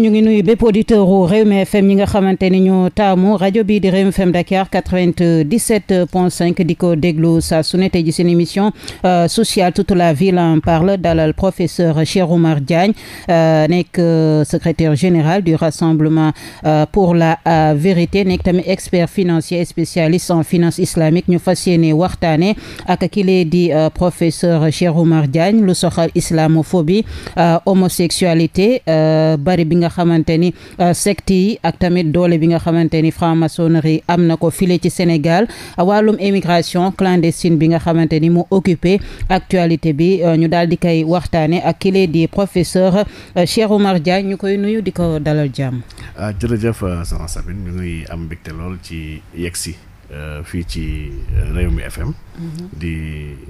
ñu ngi nuyu bépp auditeur u Rewmi FM ñi nga xamante ni ñu taamu rajo bi di Rewmi FM Dakar quatre vingt dix point cinq di ko déglu su ne tey ji seen émission euh, sociale toute la ville en parle dalal professeur Cheikh Oumar Diagne euh, nekk euh, secretaire général du rassemblement pour la vérité nekk tamit expert financier spécialiste en finance islamique ñu fas yéene waxtaane ak kile di professeur Cheikh Oumar Diagne lu soxal islamophobie homosexualité bari bi nga xamante ni euh, secte yi ak tamit doole bi nga xamante ni franc-maçonnerie am na ko file ci Sénégal wàllum émigration clandestine bi nga xamante ni moo occupé actualité bi euh, ñu daal di koy waxtaane ak kile di professeur euh, Cheikh Oumar Diagne ñu koy nuyu di ko dalal jàmm. jërëjëf sama Sabine am mbégte lool ci yegsi fii ci Rewmi FM. Mhm. di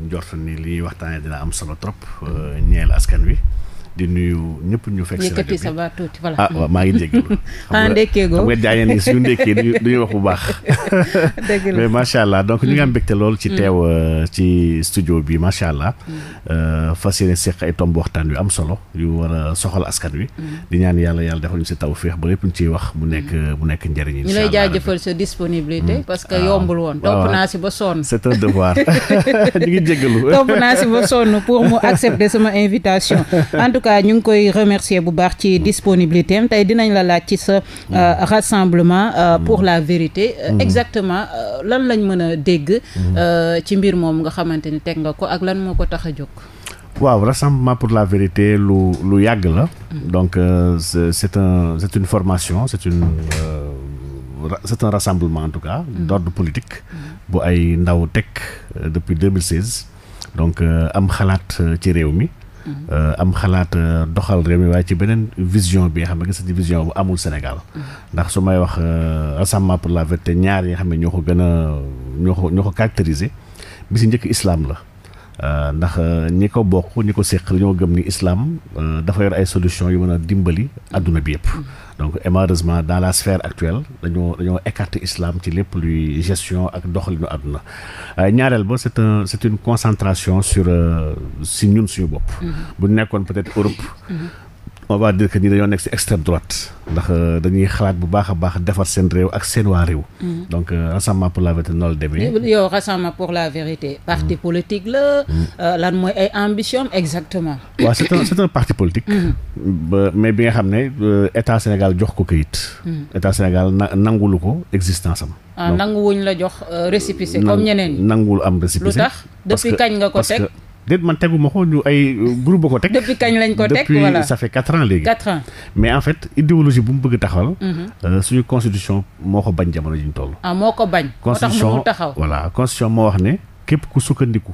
njort ni li ñuy dina am solo trop ñeel askan wi. di nuyu ñëpp ñu fekk si rajo bi sa baat tuuti voilà. ah waaw maa ngi jégalu. ah ndekkee goo xam nga jaay ni ndekkee du wax bu baax. dëgg la macha allah donc ñu ngi am mm. mbégte lool. ci mm. teew euh, ci studio bi macha allah. Mm. Euh, fa yéene seq ay tomb waxtaan yu am solo yu war a soxal askan wi. di ñaan yàlla yàlla defal ñu si taw tawféex ba lépp ñu ciy wax mu nekk mu nekk njëriñ. yi ñu lay jaajëfal sa disponibilité. parce que ah. yombul woon. topp naa si ba sonn. c'est un devoir ñu ngi jégalu. topp naa si ba sonn pour mu accepter sama invitation cas ñu ngi koy remercier bu baax ci disponibilité tey dinañ la laaj ci sa mm. euh, rassemblement euh, mm. pour la vérité euh, mm. exactement lan lañ mën a dégg ci mbir moom nga xamante ni teg nga ko ak lan moo ko tax a jóg waaw rassemblement pour la vérité lu lu yàgg la donc euh, c'est un c'est une formation c'est un rassemblement en tout cas d'ordre politique bu ay ndaw teg depuis 2016 donc am xalaat ci réew mi Euh, am xalaat euh, doxal réew mi waaye ci beneen vision bi nga xam ne gis ci bu amul Sénégal mm-hmm. ndax su may wax euh, rassemblement pour la vérité ñaar yi nga xam ne ñoo ko gën a ñoo ko ñoo ko bi si njëkk islam la Euh, ndax euh, ñi ko bokk ñi ko séq ñoo gëm ni islam euh, dafa yor ay solution yu mën a dimbali adduna bi yëpp mm-hmm. donc et malheureusement dans la sphère actuelle dañoo dañoo écarter islam ci lépp luy gestion ak doxalinu àdduna ñaareel ba c'est un une concentration sur si ñun suñu bopp mm-hmm. bu nekkoon peut Europe mm-hmm. on va dire que ñi dañoo nekk ci extrême droite ndax euh, dañuy xalaat bu baax a baax defar seen réew ak seen waa réew. Mm-hmm. donc euh, rassemblement pour la vérité noonu la demee. yow rassemblement pour la vérité. parti mm-hmm. politique la. Mm-hmm. Euh, lan mooy ay ambition exactement. waaw c'est un parti politique. mais bi nga xam ne état Sénégal jox ko kayit. état Sénégal na nangulu ko existence am. ah nanguwuñ la jox récépissé comme ñeneen ñi. nanguwul am récépissé. lu tax depuis kañ nga ko teg. déet man tegu ma ko ñu ay euh, groupe ko teg. depuis kañ lañ ko teg voilà depuis ça fait quatre ans léegi. mais en fait idéologie bu mu bëgg taxawal. Mhm. Euh, suñu constitution moo ko bañ jamono ji ñu toll. ah moo ko bañ. moo tax mu taxaw voilà constitution moo wax ne. képp ku sukkandiku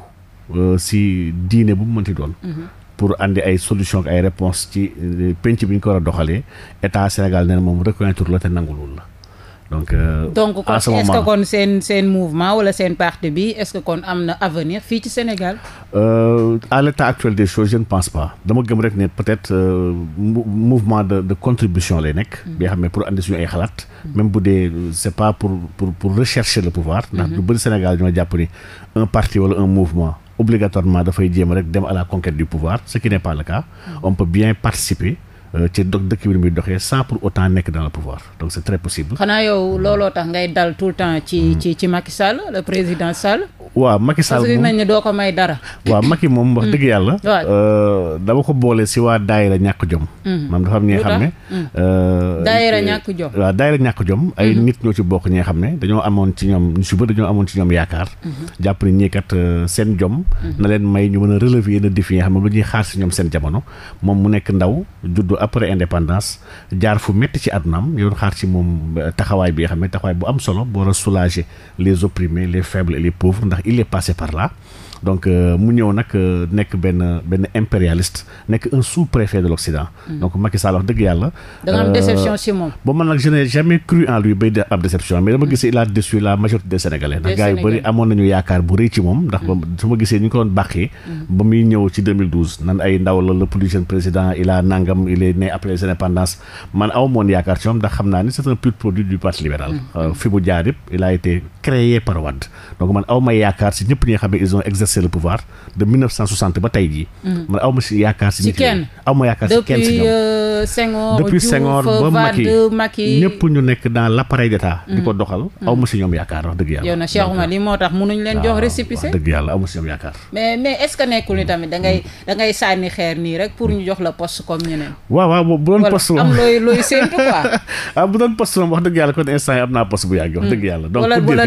euh, si diine bu mu mënti doon. Mhm. pour andi ay solution ay réponse ci penc bi ñu ko war a doxalee état Sénégal nee na moom reconnaître la te nangu loolu la. donc euh, donc kon est ce que kon seen seen mouvement wala seen parti bi est ce que kon am na avenir fii ci Sénégal. Euh, à l' état actuel des choses je ne pense pas dama gëm rek ne peut être euh, mouvement de de contribution lay nekk. Mm. bi nga xam ne pour andi suñu ay xalaat. Mm. même bu dee c' est pas pour pour pour rechercher le pouvoir. Mm-hmm. ndax lu bëri Sénégal ñoo jàpp ni un parti wala un mouvement. obligatoirement dafay jéem rek dem à la conquête du pouvoir ce qui n'est pas le cas mm. on peut bien participer Euh, ci dëkk bi muy doxee sans pour autant nekk dans le pouvoir donc c'est très possible. xanaa yow looloo tax ngay dal tout le temps. ci hmm. ci ci Macky Sall président Sall. waaw Macky Sall moom doo ko may dara. waaw Macky moom wax dëgg yàlla. Euh, dama ko boole si waa daayira ñàkk jom. Mm. maam nga xam ne. Mm. Euh, daayira ñàkk euh, jom. waaw daayira ñàkk jom. ay mm-hmm. nit ñoo ci bokk ñi nga xam ne dañoo amoon ci ñoom ñu si dañoo amoon ci ñoom yaakaar. Mm-hmm. jàpp ni ñii kat seen jom. Mm-hmm. na leen may ñu mën a relever yenn défis yi nga lu ñuy xaar si ñoom seen jamono moom mu nekk ndaw juddu après indépendance jaar fu métti ci àddunaam yoon xaar ci moom taxawaay bi nga xam ne taxawaay bu am solo bu war a soulager les opprimés les faibles les pauvres ndax il est passé par là donc euh, mu ñëw nag euh, nekk benn benn impérialiste nekk un sous-préfet de l'Occident. Mm. donc Macky Sall wax dëgg yàlla. da euh, ci moom. ba man nag je n'ai de mm. la majorité des ndax gars yu bëri amoon nañu yaakaar bu rëy ci moom. ndax ba mm. su ma gisee ñu ko doon bàqee. ba muy ñëw ci nan ay ndaw la le plus jeune président il a nangam il est né après les man aw yaakaar ci moom ndax xam naa ni c'est pur produit du parti libéral. fi mu jaar yëpp il été créé par Wade exercer le pouvoir ba tey jii. Mm. man aw ma si yaakaar si. ci kenn aw ma yaakaar si kenn si ñoom. Euh, Senghor depuis Senghor ñu nekk dans l' appareil di mm. ko doxal aw si ñoom yaakaar wax dëgg yàlla. yow si ñoom yaakaar. mais mais est nekkul ni mm. tamit da ngay da ngay sànni xeer nii rek pour ñu jox la poste comme ñeneen. waaw waaw bu doon poste am looy looy séntu quoi. ah bu doon poste moom wax dëgg yàlla kon instant yi am naa poste bu yàgg wax dëgg yàlla. donc wala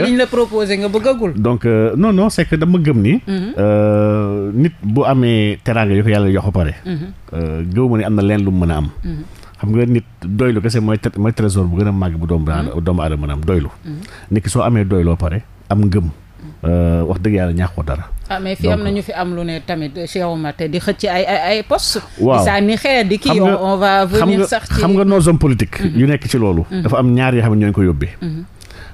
Mhm. Euh, nit bu amee teraanga yu ko yàlla jox ba pare. Mhm. Euh, gëw ma am na leen lu mu mën a am. Mhm. xam nga nit doylu kese mooy mooy trésor bu gën a màgg bu doomu doomu aadama mën a am doylu. nit ki soo amee doyloo pare am ngëm. Euh, wax dëgg yàlla ñaax ko dara. ah mais fi am na ñu fi am lu ne tamit Cheikh te di xëcc ay ay ay postes. waaw saa ni xeer di kii on va venir sax ci xam nga nos hommes politiques. yu nekk ci loolu. dafa am ñaar yoo xam ne ko yóbbee.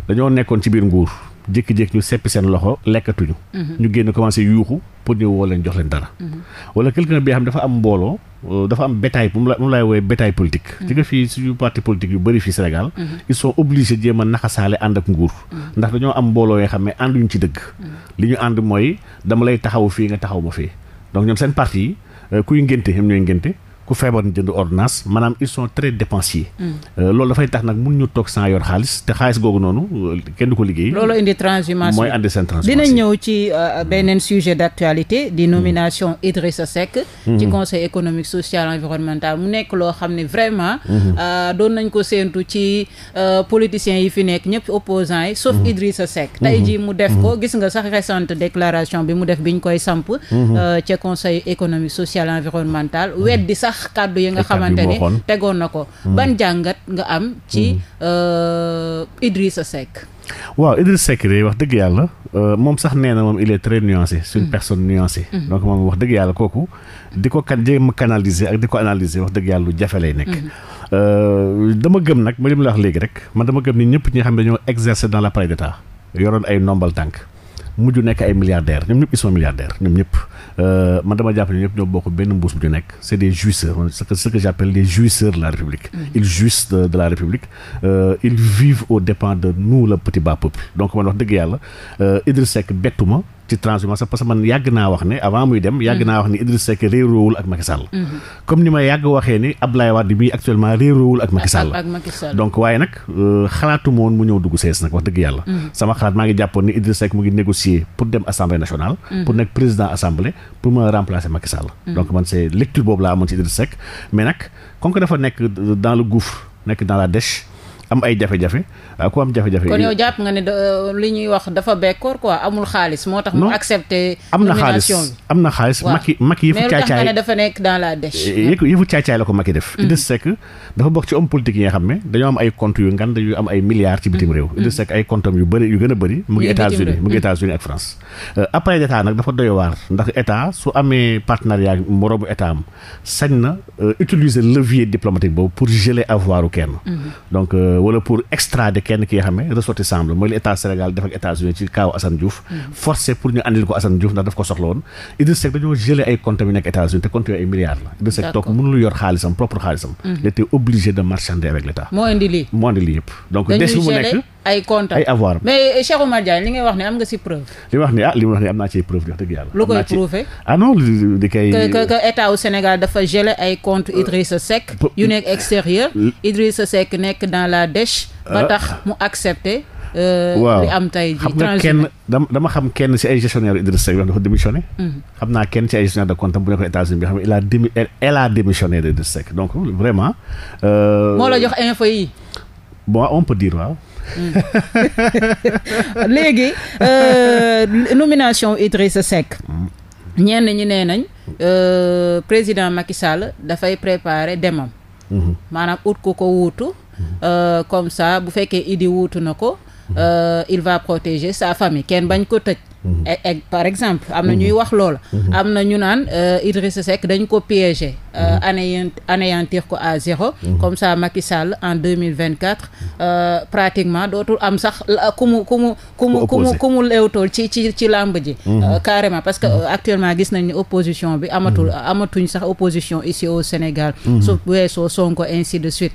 dañoo nekkoon ci biir nguur. jékki-jékki ñu seppi seen loxo lekkatuñu. Mhm. ñu génn commencé yuuxu pour ñu woo leen jox leen dara. Mhm. wala quelqu'un bi am dafa am mbooloo euh, dafa am bétail moom la moom laay woowee bétail politique. ci mhm. nga fii suñu parti politique yu bëri fii Sénégal. ils sont obligés jéem a naxasaale ànd ak nguur. ndax dañoo am mbooloo yoo xam ne ànduñu ci dëgg. li ñu ànd mooy dama lay taxaw fii nga taxaw ma fii donc ñoom seen parti yi euh, kuy ngénte ñoom ñooy ngénte ku feebar ñu jënd ordonnance maanaam ils sont très dépensiers. Mm. Euh, loolu dafay tax nag mun ñu toog sans yor xaalis te xaalis googu noonu euh, kenn du ko liggéey. loolu indi transhumance mooy andi seen ñëw ci euh, beneen sujet d' di mm. nomination Idrissa Seck. ci mm-hmm. conseil économique social environnemental mu nekk loo xam ne vraiment. Mm-hmm. doon nañ ko séentu ci politiciens yi fi nekk ñëpp opposants yi sauf mm-hmm. Idrissa Seck. tey jii mu def ko gis nga sax récente déclaration bi mu def bi ñu koy ak kàddu yi nga xamante ni tegoon na ko mm. ban jàngat nga am ci mm. euh, Idrissa Seck waaw Idriss Seck de wax dëgg yàlla euh, moom sax nee na moom il est très nuancé mm. personne nuancée donc moom wax dëgg yàlla kooku di ko kan jéem a ak di ko analyser wax dëgg yàlla lu jafe lay nekk mm-hmm. euh, dama gëm nag ma li mu la wax léegi rek man dama gëm ni ñëpp ñi nga xam ne dañoo exercer dans l'appareil taa yoroon ay nombal tànk mu mujj nekk ay milliardaires ñoom ñëpp ils sont milliardaires ñoom ñëpp euh, man dama jàpp ne ñëpp ñoo bokk benn mbuus bu ñu nekk c' est des jouisseurs ce que ce que j' de la république. Mm. ils jouissent de, de la république euh, ils vivent aux dépens de nous le petit bas peuple donc man wax dëgg yàlla euh, Idriss Seck bettu ma ci transhumance parce que man yàgg naa wax ne avant muy dem yàgg mm-hmm. naa wax ni Idriss Seck réeroowul ak Macky Sall mm-hmm. comme ni ma yàgg waxee ni Abdoulaye Wade bi actuellement réeroowul ak Macky Sall donc waaye nag euh, xalaatu ma woon mu ñëw dugg sees nag wax dëgg yàlla mm-hmm. sama xalaat maa ngi jàppoon ni Idriss Seck mu ngi négocier pour dem assemblée nationale pour nekk président assemblée pour mën a remplacer Macky donc man c'est lecture boobu laa amoon ci Idriss Seck dafa nekk dans le gouffre nekk dans la dèche am ay jafe-jafe ku am jafe-jafe. kon ne euh, li ñuy wax dafa bekkoor quoi amul xaalis moo tax. mu accepté nomination am na xaalis am na xaalis. waaw Macky yëfu caacaay mais nekk dans la dèche. Eh, yëfu caacaay la ko Macky def. Mm-hmm. Idriss Seck dafa bokk ci homme politique yi nga xam ne dañoo am ay comptes yu ngand yu am ay milliards ci bitim mm-hmm. réew. Idriss Seck ay comptes yu bëri yu gën a bëri. mu ngi États-Unis mu ngi mm-hmm. États-Unis ak France. Euh, après état nag dafa doy waar ndax état su amee partenariat moroomu état am sañ na euh, utiliser levier diplomatique boobu pour geler avoiru kenn donc Euh, wala pour extrader kenn ki nga xam ne mooy li état Sénégal def ak mm-hmm. états mm-hmm. ma euh, wax ne ah li ma wax ne am naa ci preuve wax dëgg yàlla lu koy prouver ah non di kay que état wu Sénégal dafa gelé ay comptes euh, Idriss Seck yu nekk extérieur Idriss Seck nekk dans la Bangladesh. ba ah. tax mu accepté. Euh, waaw li am tey jii xam nga kenn dama xam kenn si ay gestionnaire Idriss Seck yoo xam dafa démissionné. Mhm. xam naa kenn si ay gestionnaire de compte bu nekkoon États-Unis bi xam ne il a démi elle donc vraiment. Euh, moo la jox info yi. bon on peut dire waaw. Mhm. léegi euh, nomination Idriss Seck. Mhm. ñenn ñi nee nañ président Macky Sall dafay préparer demam. maanaam ut ko ko wuutu. Euh, comme ça bu fekkee Idi wutu na ko euh, il va protéger sa famille kenn bañ ko tëj Mm-hmm. E-, e par exemple am na ñuy mm-hmm. wax loola mm-hmm. am na ñu naan euh, Idrissa sec dañ ko piéger euh, anéant anéantir ko à zéro comme ça Macky Sall en deux mille vingt quatre euh, pratiquement dootul am sax ku mu ku mu ku mu ku mu ku mu leewtool ci ci ci làmb ji carrément parce que actuellement gis nañ ne opposition bi amatul amatuñ sax opposition ici au Sénégal su weesoo Sonko ainsi de suite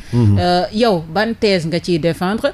yow ban thèse nga ciy défendre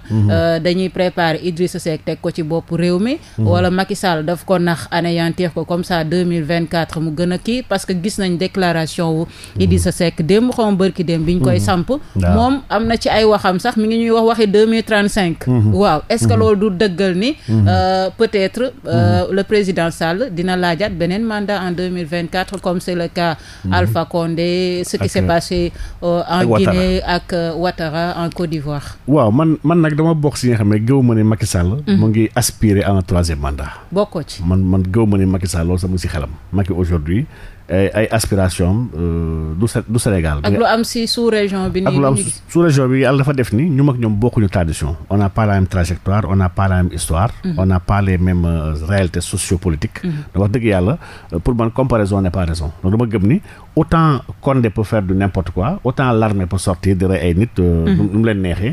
dañuy préparer Idrissa Seck teg ko ci bopp réew mi wala Macky Sall daf ko nax anéantir ko comme ça 2024 mu gën a kii parce que gis nañ déclaration wu Idrissa Seck démb xaw bërki démb bi ñu koy mhm. samp moom am na ci ay waxam sax mu ngi ñuy wax waxi 2035 mhm. waaw est-ce que mhm. loolu du dëggal ni euh, peut-être euh, le président Sall dina laajat beneen mandat en 2024 comme c'est le cas Alpha Condé ce qui s'est euh, passé en Guinée ak Ouattara en Côte d'Ivoire waaw man man nag dama bokk si nga xam ne gëw ma ne Macky Sall mu ngi aspirer à troisième mandat bokkoo man man gëw ma ne Macky Sall loolu sax mu si xelam Macky aujourd'hui ay aspiration am euh, du du Sénégal. ak lu am si sous région bi. nii sous région bi yàlla dafa def ni ñu mag ñoom bokkuñu tradition. on n'a pas la même trajectoire on n'a pas la même histoire. Mhm. on n'a pas les mêmes euh, réalités sociopolitiques. Mhm. wax dëgg yàlla euh, pour man comparaison n'est pas raison donc dama gëm ni autant Condé peut faire de n'importe quoi autant l'armée peut sortir di rey ay nit. Mhm. nu mu leen neexee.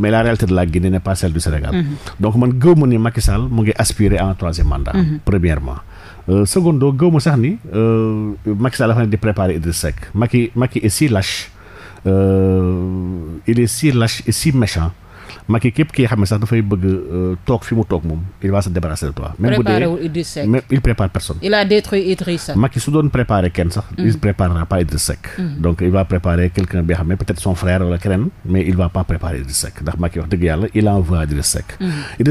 mais la réalité de la Guinée n'est pas celle du Sénégal. donc man gëw ma ni Macky Sall mu ngi aspirer à un troisième mandat. premièrement. Euh, secondo gëw ma sax ni Macky Sall dafa nekk di préparer Idrissa Seck Macky Macky est si lâche euh, il yi képp kii xam ne sax dafay bëgg euh, toog fi mu toog moom il va se débarrasser de toi. même bu dee même il prépare personne. il a détruit Idrissa. Macky su doon préparer kenn sax. Mm. il préparera pas Idrissa Seck. Mm. donc il va préparer quelqu'un bi xam ne peut-être son frère wala keneen. mais il va pas préparer Idrissa mm.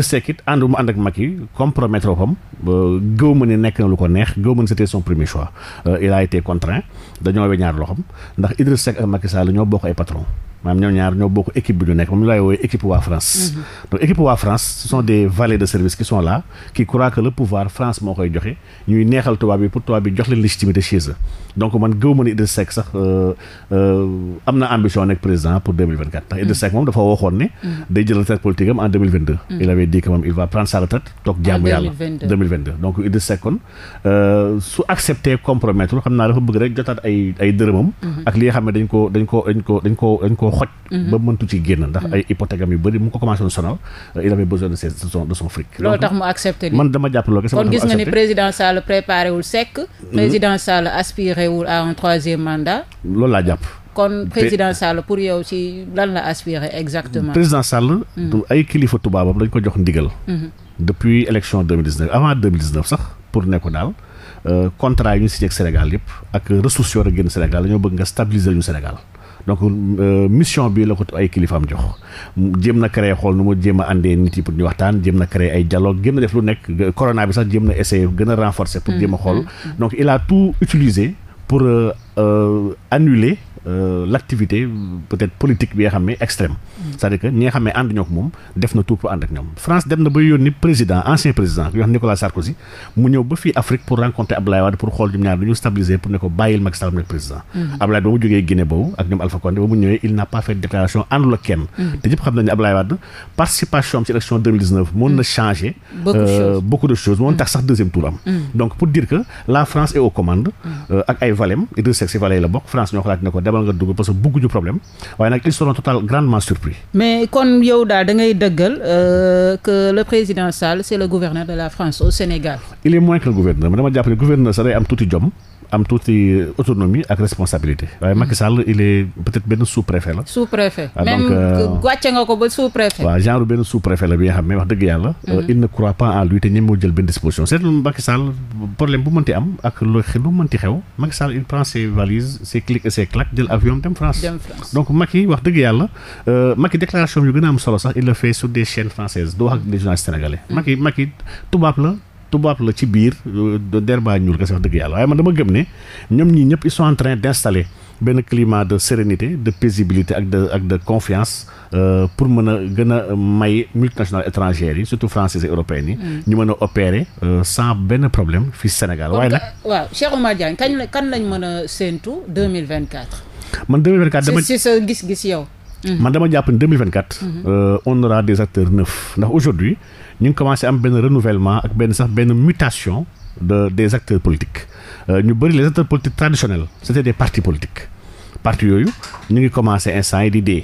Seck it ànd mu ànd ak Macky compromettre boppam euh, gëw ma ne nekk na lu ko neex gëw ma ne c'était son premier choix euh, il a été contraint dañoo weñaar loxoom ndax Idrissa Seck ak Macky Sall ñoo bokk ay maanaam ñoom ñaar ñoo bokk équipe bi ñu nekk moom laay woowee équipe waa France. Mhm. donc équipe waa France ce sont des valets de service qui sont là qui croient que le pouvoir France moo koy joxe ñuy neexal tubaab bi pour tubaab bi jox leen légitimité chez eux donc man gëw ma ni Idriss Seck sax euh, euh, am na ambition nekk président pour 2024 ndax Idriss moom dafa waxoon ne day jël retraite politique en 2022 mm. il avait kon euh, su accepté compromettre xam naa dafa bëgg rek jotaat ay dërëmam mm-hmm. ak li xam ne dañ ko xoj mm-hmm. ba mëntu ci génn ndax mm-hmm. ay hypothèque yu bëri mu ko commencé woon sonal il avait besoin de son de tax mu accepté man kon gis nga ni président Sall préparé wul Seck président Sall aspiré aspirewul à un troisième mandat. loolu laa jàpp. kon président Sall pour yow ci lan la aspiré exactement. président Sall. Mm-hmm. du ay kilifa tubaabam dañ ko jox ndigal. Mm-hmm. depuis élection 2019 avant 2019 sax pour ne ko daal euh, contrat yi ñu signé ak Sénégal yëpp ak ressources yoo génn Sénégal dañoo bëgg nga stabiliser ñu Sénégal. donc euh, mission bi la ko ay kilifaam jox jéem na créer xool nu mu jéem a àndee nit yi pour ñu waxtaan jéem na créer ay dialogue jéem na def lu nekk corona bi sax jéem na essayer gën a renforcer. Mm-hmm. a xool a pour euh, euh annuler Euh, l' activité peut-être politique bi nga xam ne extrême mm. c'est-à-dire que ñi nga xam ne ànd ñoo ko moom def na tout pour ànd ak ñoom France dem na ba yónni président ancien président yoo xam Nicolas Sarkozy mu ñëw ba fii Afrique pour rencontrer Abdoulaye Wade pour xool ñoom ñaar dañu stabiliser pour ne ko bàyyil Macky Sall mu nekk président mm. Abdoulaye ba mu jógee Guinée boobu ak ñoom Alpha Condé ba mu ñëwee il n'a pas fait déclaration àndul ak kenn mm. te ñëpp xam nañu Abdoulaye Wade participation am ci élection 2019 mën na changé euh, beaucoup de choses moon tax sax deuxième tour am donc pour dire que la France est aux commandes euh, ak ay valem Idrissa Seck si valem la bokk France ñoo xalaat ne ko demal nga dugg parce que bugguñu problème waaye nag ils seront total grandement surpris. mais kon yow daal da ngay dëggal euh, que le président Sall c'est le gouverneur de la France au Sénégal. il est moins que gouverneur man dama jàpp ne gouverneur sax day am tuuti jom. am tuuti autonomie ak responsabilité. waaye Macky Sall il est peut-être benn sous-préfet la. sous-préfet ah, même wàcce euh, nga ko ba sous-préfet. waaw genre benn sous-préfet la bi nga xam ne wax dëgg yàlla. Mm. Euh, il ne croit pas en lui te ñoom moo jël benn disposition seetlu Macky Sall problème bu mënti am ak lu lu mënti xew Macky Sall il prend ses valises ses clics et ses claques jël avion dem France. donc Macky wax dëgg yàlla euh, Macky déclaration yu gën a am solo sax il le fait sur des chaînes françaises du wax ak mm. la. tubaab la ci biir euh, der baa ñuul kese wax dëgg yàlla waaye man dama gëm ne ñoom ñii ñëpp ils benn climat de sérénité de paisibilité ak de ak de confiance euh, pour mën a gën a may multinationales étrangères yi surtout françaises et yi. Mm. ñu mën a opérer euh, sans benn problème fii Sénégal. waaye nag euh, waaw Cheikh Oumar kañ lañ mën a séentu man 2024 dama si sa gis-gis yow. Mm. man dama jàpp ne 2024. Mm-hmm. Euh, on des acteurs neufs ndax aujourd'hui ñu ngi commencé am benn renouvellement ak benn sax benn mutation de des acteurs politiques euh, ñu bëri les acteurs politiques traditionnels c'était des partis politiques parti yooyu ñu ngi commencé instant yi di dee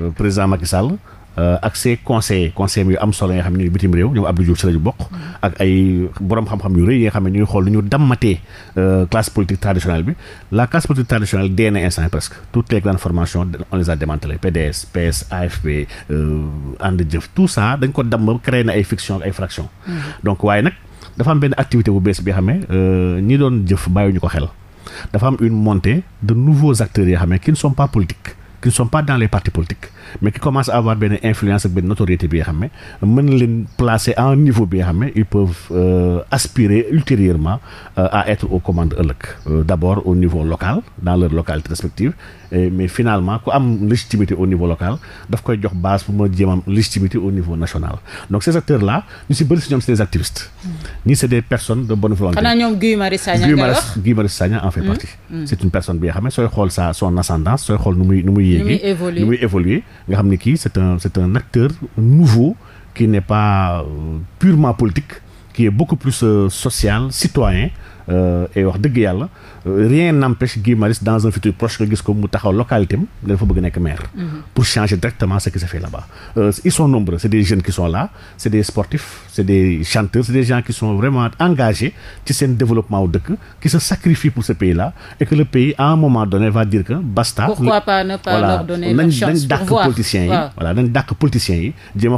euh, président Macky Sall Euh, ak ses conseillers conseillers yu am solo nga xam ne ñu bitim réew ñoom Abdou Diouf si la ñu bokk. Mm-hmm. ak ay borom xam-xam yu rëy yi nga xam ne ñu ngi xool nu ñu dammatee euh, classe politique traditionnelle bi la classe politique traditionnelle dee na presque a démantelées euh, tout ça dañ ko damm créé na ay fiction ak ay fraction mm-hmm. donc waaye nag dafa am benn activité bu bees bi xam ñi doon jëf bàyyiwuñu ko xel dafa am une montée de nouveaux acteurs yoo xam qui ne sont pas politiques mais qui commence à avoir benn influence ak benn notoriété bi nga xam ne mën leen placer à un niveau bi nga xam ne ils peuvent euh, aspirer ultérieurement euh, à être aux commandes ëllëg euh, au niveau local dans leur localité respective et, mais finalement ku am légitimité au niveau local daf koy jox base pour mën a jéem am légitimité au niveau national donc ces acteurs là ñu si bëri si ñoom c'est des activistes ñii hmm. c'est des personnes de bonne volonté Guy Marius Sagna Guy Marius hmm. nga xam ne kii c'est un c'est un acteur nouveau qui n'est pas euh, purement politique qui est beaucoup plus euh, social citoyen Euh, et wax dëgg yàlla rien n'empêche Guy dans un futur proche nga gis ko mu taxaw localité am nga dafa bëgg nekk maire. Mm-hmm. pour changer directement ce qui se fait là-bas. Euh, ils sont nombreux c'est des jeunes qui sont là c'est des sportifs c'est des chanteurs c'est des gens qui sont vraiment engagés ci seen développement dëkk qui se sacrifient pour ce pays-là et que pays à un moment donné va dire que basta. nañ nañ dàq yi. voilà nañ dàq politiciens yi jéem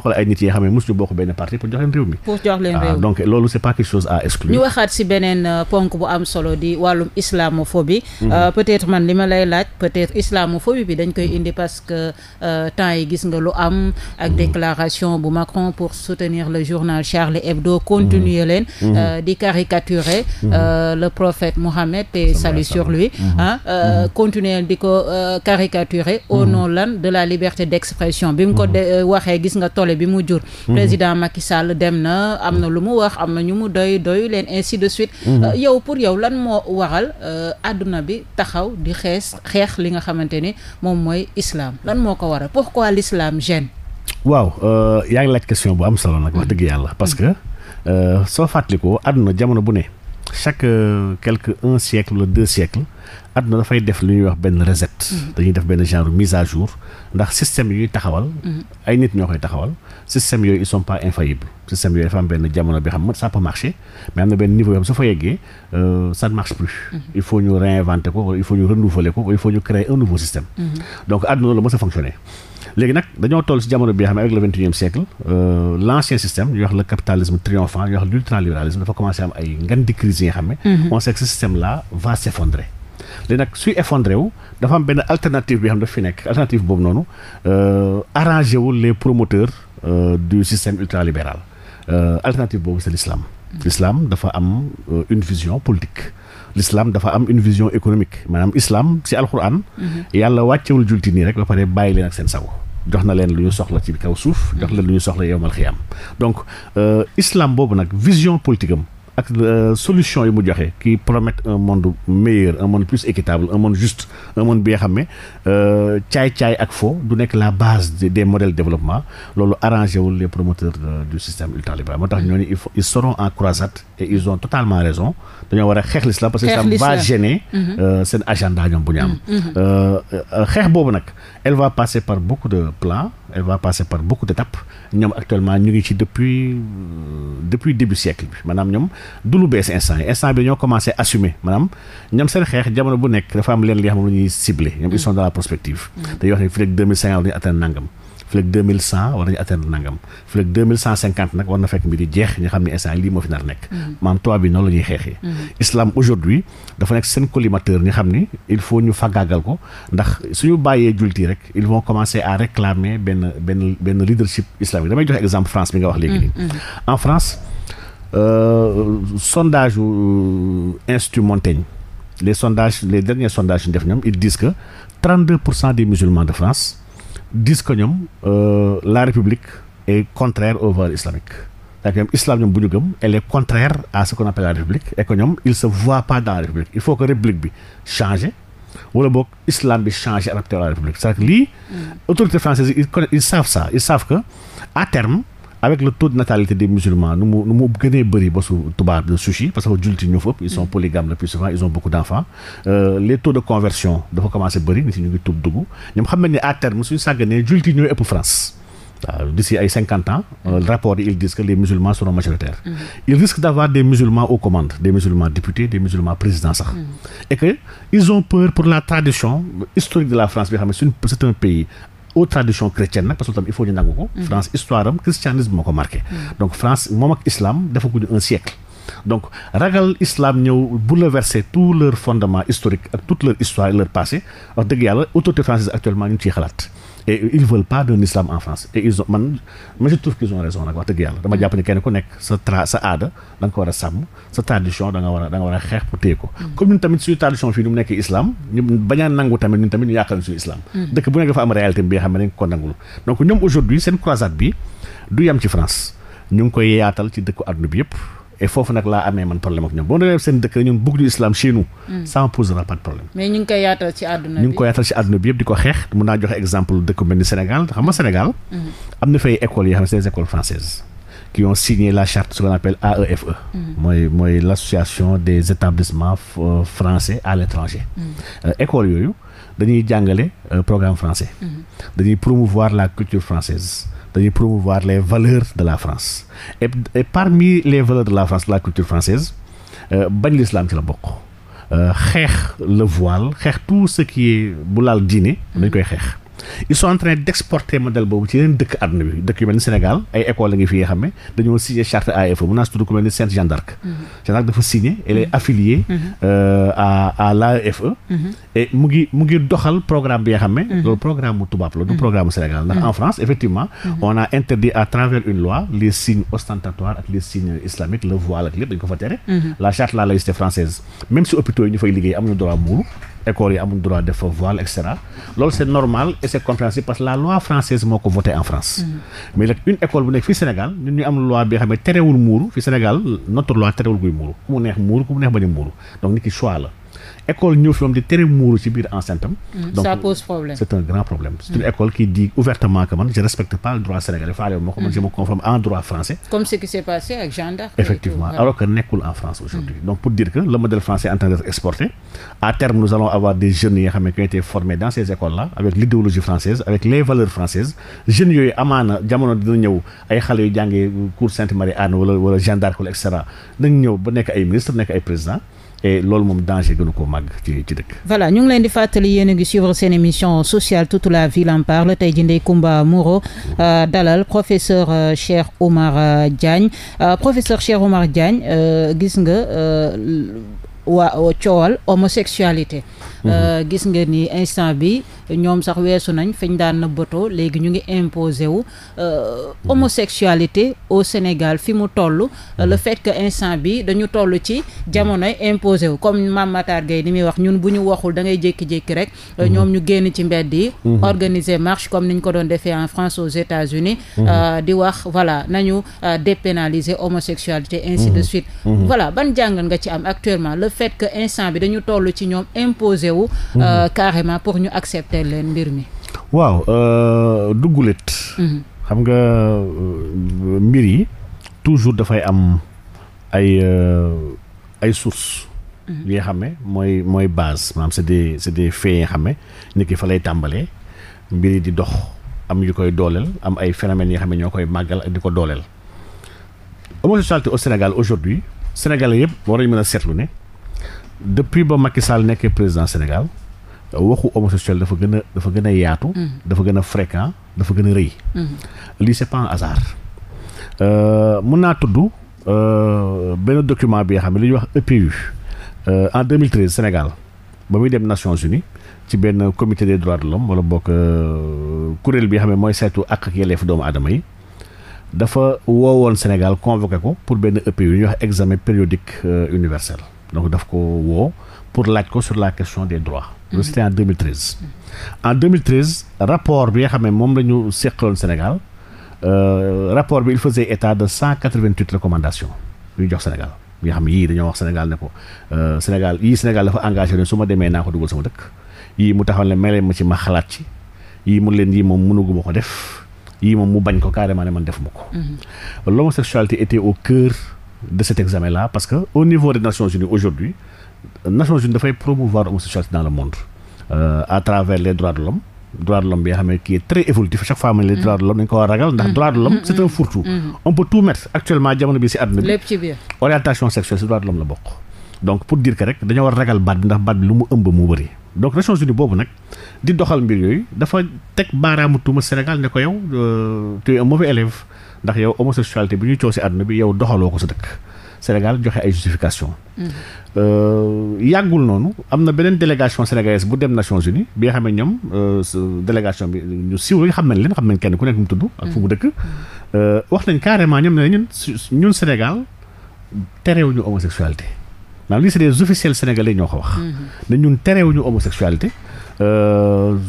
a xool ponk bu am solo di wàllum islamophobie mhm. euh, peut-être man li ma lay laaj peut-être islamophobie bi dañ koy indi parce que euh, temps yi gis nga lu am ak mhm. déclaration bu Macron pour soutenir le journal Charlie Hebdo continuer mhm. leen euh, di caricaturer le prophète Mohammed te salut sur lui ah continuer di ko caricaturer au non lan de la liberté d'expression bi mu ko waxee gis nga tole bi mu jur président Macky Sall dem na am na lu mu wax am na ñu mu doy doyu leen yow pour yow lan moo waral àdduna euh, bi taxaw di xees xeex li nga xamante ni moom mooy islam lan moo ko waral pourquoi l'islam gêne waaw euh, yaa ngi laaj question bu am solo nag wax dëgg yàlla parce que euh, soo fàttalikoo àdduna jamono bu ne chaque quelque un siècle wala deux siècles àdduna dafay def lu ñuy wax benn reset. Mhm. dañuy def benn genre mise à jour ndax système yuy taxawal. Mhm. ay nit ñoo koy taxawal système yooyu ils sont pas infaillibles système yooyu dafa am benn jamono bi xam ça peut marcher mais am na benn niveau yoo xam su fa yeggee euh, ça ne plus. Mhm. il faut ñu réinventer ko il faut ñu créer un nouveau système. donc àdduna loolu mës a fonctionner. léegi nag dañoo toll ci jamono bi nga xam ne avec le vingt et siècle euh, l' léegi nag suy effondré wu dafa am benn alternative bi xam daf fi nekk alternative boobu noonu euh, arrangé wul les promoteurs euh, du système ultralibéral euh, alternative boobu c'est l'islam l'islam dafa am une vision politique l'islam dafa am une vision économique maanaam islam si alxuraan mhm. yàlla wàccewul julti nii rek ba pare bàyyi leen ak seen sago jox na leen lu ñu soxla ci kaw suuf jox leen lu ñu soxla yowmal xiyaam donc islam boobu nag vision politique am ak euh, solution yi mu joxe qui promettent un monde meilleur un monde plus équitable un monde juste un monde bi nga xam ne euh, caay-caay ak foo du nekk la base des modèles de développement loolu arrangé wul les promoteurs euh, du système ultralibéral moo tax ñooñu ils seront en croisade et ils ont totalement raison dañoo war a xeex la parce que ça va gêner mm-hmm. seen agenda ñoom bu ñu am mm-hmm. Mm-hmm. xeex boobu nag elle va passer par beaucoup de plans elle va passer par beaucoup d'étapes ñoom actuellement ñu ngi ci depuis euh, depuis début siècle bi maanaam ñoom du lu bees instant yi instant bi ñoo commencé assumer maanaam ñoom seen xeex jamono bu nekk dafa am leen li nga xam ne lu ñuy ciblé ñoom ils sont dans la prospective mm. dañuy wax ne fii rek 2050 dañuy atteindre nangam fële 2100 war nañu atteindre nangam fële 2150 nag war na fekk mbir yi jeex ñu xam ne instant lii moo fi nar nekk. Mm-hmm. maam toit bi noonu la ñuy xeexee. Mm-hmm. islam aujourd'hui dafa nekk seen collimateur ñu xam ni il faut ñu fagaagal ko ndax suñu bàyyee julti rek ils vont commencer à réclamer benn benn benn leadership islamique damay joxe exemple France bi nga wax léegi nii. Mm-hmm. en France euh, sondage euh, Institut Montaigne les sondages les derniers sondages ñu def ñoom ils disent que 32 pour cent de France. disent que ñoom euh, la république est contraire aux valeurs islamiques cest islam ñoom bu ñu gëm elle est contraire à ce qu'on appelle la république et que ñoom ils se voient pas dans la république il faut que république bi changer wala book islam bi changer adapté à la république cest que lii mm. autorités françaises ils savent ça ils savent que à terme avec le taux de natalité des musulmans nu mu nu mu gënee bëri ba su tubaab de souche parce que jullit ñoo fa ëpp ils sont mm-hmm. polygames le plus souvent ils ont beaucoup d' enfants euh, taux de conversion dafa commencé bëri nit ñi ñu ngi tuub dugg ñoom xam nañ ne à terme suñu sàgganee jullit ñooy ëpp France waaw d'ici ay cinquante euh, rapport yi ils disent que les musulmans seront majoritaires mm-hmm. ils risquent d'avoir des musulmans aux commandes des musulmans députés des musulmans sax mm-hmm. et ils ont peur pour aux traditions chrétiennes nag parce que tamit il faut ñu nangu ko. Mhm. France histoire am moo ko marqué. Mhm. donc France moom ak islam defaguñu un siècle. donc ragal islam ñëw bouleverser tout leur fondement historique ak toute leur histoire et leur passé wax dëgg yàlla autorité française actuellement ñu ci ciy xalaat. et ils veulent pas d'un islam en France et ils ont man man je trouve qu'ils ont raison nag wax dëgg yàlla dama jàpp ne kenn ku nekk sa tra sa aada da ko war a sàmm sa tradition da war a da a xeex pour téye ko mm. comme ñun tamit suñu tradition fii nu mu nekk islam ñu bañaa nangu tamit ñun tamit ñu yàqal suñu islam mm. dëkk bu nekk dafa am réalité bi xam ne dañ ko nangul donc ñoom aujourd'hui seen croisade bi du yam ci France ñu ngi koy yaatal ci dëkku àdduna yëpp et foofu nag laa amee man problème ak ñoom boo demee seen dëkk ñun bëgg ñu islam chez nous. Hmm. ça ne problème. mais ñu ngi koy yaatal ci àdduna bi yëpp di ko xeex mun naa joxe exemple dëkk mel ni Sénégal xam nga Sénégal. Hmm. am na fay écoles yoo xam ne c'est des écoles françaises qui la charte ce qu'on appelle AEFE. E. Hmm. mooy mooy l'association des établissements euh, français à l'étranger. Euh, écoles yooyu dañuy jàngale euh, programme français. dañuy promouvoir la culture française. dañuy promouvoir les valeurs de la France et, et parmi les valeurs de la France de la culture française euh, bañ l'islam ci la bokk euh, xeex le voile xeex tout ce qui est bu laal diine dañ koy xeex ils sont en train d'exporter modèle boobu ci yeneen dëkk àdduna bi dëkk yu mel ni Sénégal ay école a ngi fi nga dañoo signé charte AF mun naa si tudd ku mel ni Sainte Jeanne d'Arc mhm. dafa signé elle est mhm. affiliée mhm. Euh, à à l'AEFE et mu ngi mu ngi doxal programme bi nga xam loolu programme tubaab la du programme Sénégal ndax en France effectivement on a interdit à travers une loi les signes ostentatoires ak les signes islamiques le voile ak lépp dañ ko fa tere école yi amul droit def fa voile et cetera loolu c'est normal et c'est compréhensible parce que la loi française moo ko voté en France. Mm-hmm. mais nag une école bu nekk fii Sénégal ñun ñu am loi bi nga xam ne terewul muuru fii Sénégal notre loi terewul kuy muuru ku mu neex muuru ku mu neex bañ a muuru donc nit ki choix la. école ñëw fi moom di tere muuru ci biir enceinte am. Mm, c' est un grand problème. c' une mm. école qui dit ouvertement que man je respecte pas le droit sénégalais faale wu ko man je mm. en droit français. comme nekkul en France aujourd'hui donc pour dire que le modèle français est en train d'être exporté a terme nous allons avoir des jeunes yi nga xam ne qui ont été dans ces écoles là avec l'idéologie française avec les valeurs françaises jeunes yooyu amaana jamono dina ñëw ay xale yu jàngee cours Sainte Marie nekk ay ministre nekk président loolu moom danger gënu ko màgg ci ci dëkk. voilà ñu ngi leen di fàttali yéen a ngi suivre seen émission sociale toute la ville en parle tey jii Ndeye Comba Moreau euh, dalal professeur euh, Cheikh Oumar euh, Diagne professeur Cheikh Oumar Diagne gis nga. waa coowal homosexualité. Mhm. gis nga ni instant bi ñoom sax weesu nañ fi ñu daan nëbbatoo léegi ñu ngi imposé wu euh, homosexualité au Sénégal fi mu toll mm-hmm. la fait instant bi dañu toll ci jamonoy imposé wu comme Mame Matar ni muy wax ñun bu ñu waxul da ngay jékki-jékki rek euh, mm-hmm. ñoom ñu génn ci mbedd yi mm-hmm. organiser marche comme niñ ko doon defee en France aux États-Unis euh, di wax voilà nañu dépénaliser homosexualité ainsi de suite voilà ban jàngal nga ci am actuellement le fait instant bi dañu toll ci ñoom toppee mbir mi. waaw euh, duggulet. Mhm. xam nga euh, mbir yi toujours dafay am ay euh, ay sources. yi mhm. nga xam ne mooy mooy base maam c'est des c'est des faits yi nga xam ne nit ki fa lay tàmbalee mbir yi di dox am yu koy dooleel am ay phénomènes yi nga xam ne ñoo koy màggal ak di ko dooleel. homosexualité au Sénégal aujourd'hui Sénégalais yëpp war nañu mën a seetlu ne depuis ba Macky Sall nekkee président Sénégal. waxu homosexuel dafa gën a dafa gën a yaatu. Mm. dafa gën a fréquent dafa gën a rëy. Mm. lii c'est pas un euh, mun naa tudd euh, benn document bi nga xam ne lu ñuy wax EPU euh, en Sénégal ba muy dem Nations Unies ci benn comité des droits de l'homme wala bokk kuréel bi nga xam ne mooy saytu ak ak doomu aadama yi. dafa woowoon Sénégal convoqué ko pour benn EPU yu ñu wax examen périodique universel donc daf ko woo pour laaj ko sur la question des droits. loolu c'était en 2013. en 2013 rapport bi nga xam ne moom la ñu seqaloon Sénégal euh, rapport bi il faisait état de 188 recommandations yu ñu jox Sénégal yi nga xam yii dañoo wax Sénégal ne ko euh, Sénégal yii Sénégal dafa engagé ne su ma demee naa ko dugal sama dëkk yii mu taxaw ne may leen ma ci ma xalaat ci yii mun leen yii moom mënuguma ko def yii moom mu bañ ko carrément ne man defuma ko. Mm-hmm. l'homosexualité était au cœur de cet examen là parce que au niveau des Nations Unies aujourd'hui Nations Unies dafay promouvoir l'homosexualité dans le monde euh, à travers les droits de l'homme droit de l'homme bi nga xam ne qui est très évolutif chaque fois ma ne de l'homme dañ ko war a ragal ndax mm-hmm. droit de l'homme c'est un mm-hmm. fourre-tout mm-hmm. on peut tout actuellement jamono bi ci àdduna bi lépp ci biir orientation de l'homme la bokk donc pour dire que rek dañoo war a ragal baat bi ndax baat bi lu mu ëmb mu bëri donc Nations Unies boobu nag di doxal mbir yooyu dafa teg baaraamu tuuma Sénégal ne yow euh, tu es bi ñuy coow ci àdduna bi yow doxaloo ko sa dëkk Sénégal joxe ay justification euh, yàggul noonu am na beneen délégation sénégalaise bu dem Nations Unies bi nga xam ne ñoom euh, délégation bi ñu siiw xam nañ leen xam nañ kenn ku nekk mu tudd ak fu mu dëkk euh, wax nañ carrément ñoom ne ñun ñun Sénégal terewuñu homosexualité maanaam lii c'est des officiels sénégalais ñoo ko wax mm-hmm. ne ñun terewuñu homosexualité Euh,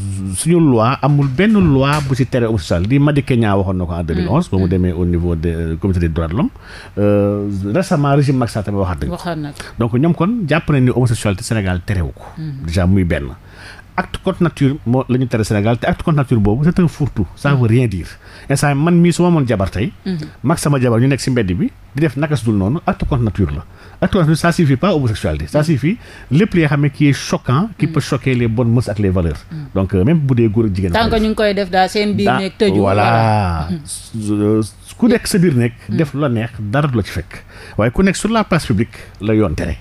suñu loi amul benn loi bu si tere homosexuel li Madické Niang waxoon na ko en 2011. Mm. ba mu mm. demee au niveau de euh, comité des droits de l'homme euh, récemment régime Macky Sall tamit waxaat nañu donc ñoom kon jàpp nañu ni homosexualité Sénégal terewu ko. Mm. déjà muy benn. acte contre nature moo la ñu tere Sénégal te acte contre nature boobu c'est un fourre-tout ça veut rien dire instant man mii su ma amoon jabar tey. mag sama jabar ñu nekk si mbedd bi di def naka su dul noonu acte contre la. actuellement bi ça suffit pas homosexualité ça mm. suffit lépp li nga xam ne qui est choquant qui mm. peut choquer les bonnes mœurs ak les valeurs mm. donc euh, même bu dee góor ak jigéen tant que ñu koy def daal seen biir nekk tëju la euh, ku nekk sa biir nekk def la neex dara du la ci fekk waaye ku nekk sur la place publique la yoon tere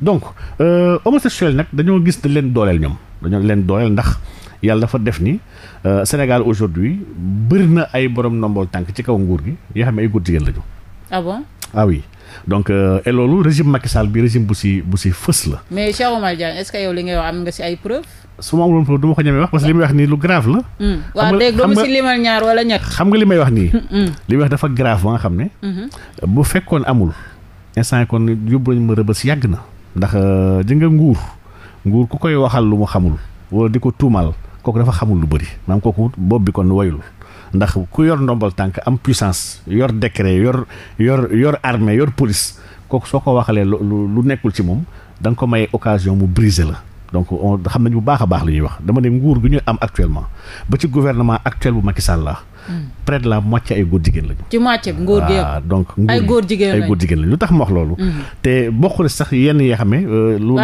donc euh, homosexuel nag dañoo gis ne leen dooleel ñoom dañoo leen dooleel ndax yàlla dafa def ni Sénégal aujourd'hui bëri na ay borom ndombol tànk ci kaw nguur gi yoo donc euh, et loolu régime Macky Sall bi régime bu si bu si fës la. mais Cheikh Oumar Diagne est-ce yow li nga wax am nga si ay preuves. su ma amuloon preuve du ma ko ñemee wax parce que li may wax nii lu grave la. Hmm. xam nga xam nga ñaar wala ñett. xam nga li may wax nii. Hmm, hmm. li may wax dafa grave ba nga xam ne. bu fekkoon amul instant kon yóbbu nañu ma rëbës yàgg na. ndax euh, ji nga nguur nguur ku koy waxal lu mu xamul wala di ko tuumaal kooku dafa xamul lu bëri maanaam kooku bopp bi kon woyul. ndax ku yor ndombal tànk am puissance yor décret yor yor yor armée yor police kooku soo ko waxalee lu lu nekkul ci moom da nga ko may occasion mu briser la donc on xam nañu bu baax a baax li ñuy wax dama ne nguur gi ñu am actuellement ba ci gouvernement actuel bu Macky Sall la Mm. près de la moitié ay góor jigéen lañu. ci moitié bi góor gi ah, donc ay góor jigéen lañu ay góor jigéen lañu lu tax ma wax loolu. Mm. te bokkul sax yenn yi nga xam ne. Euh, lu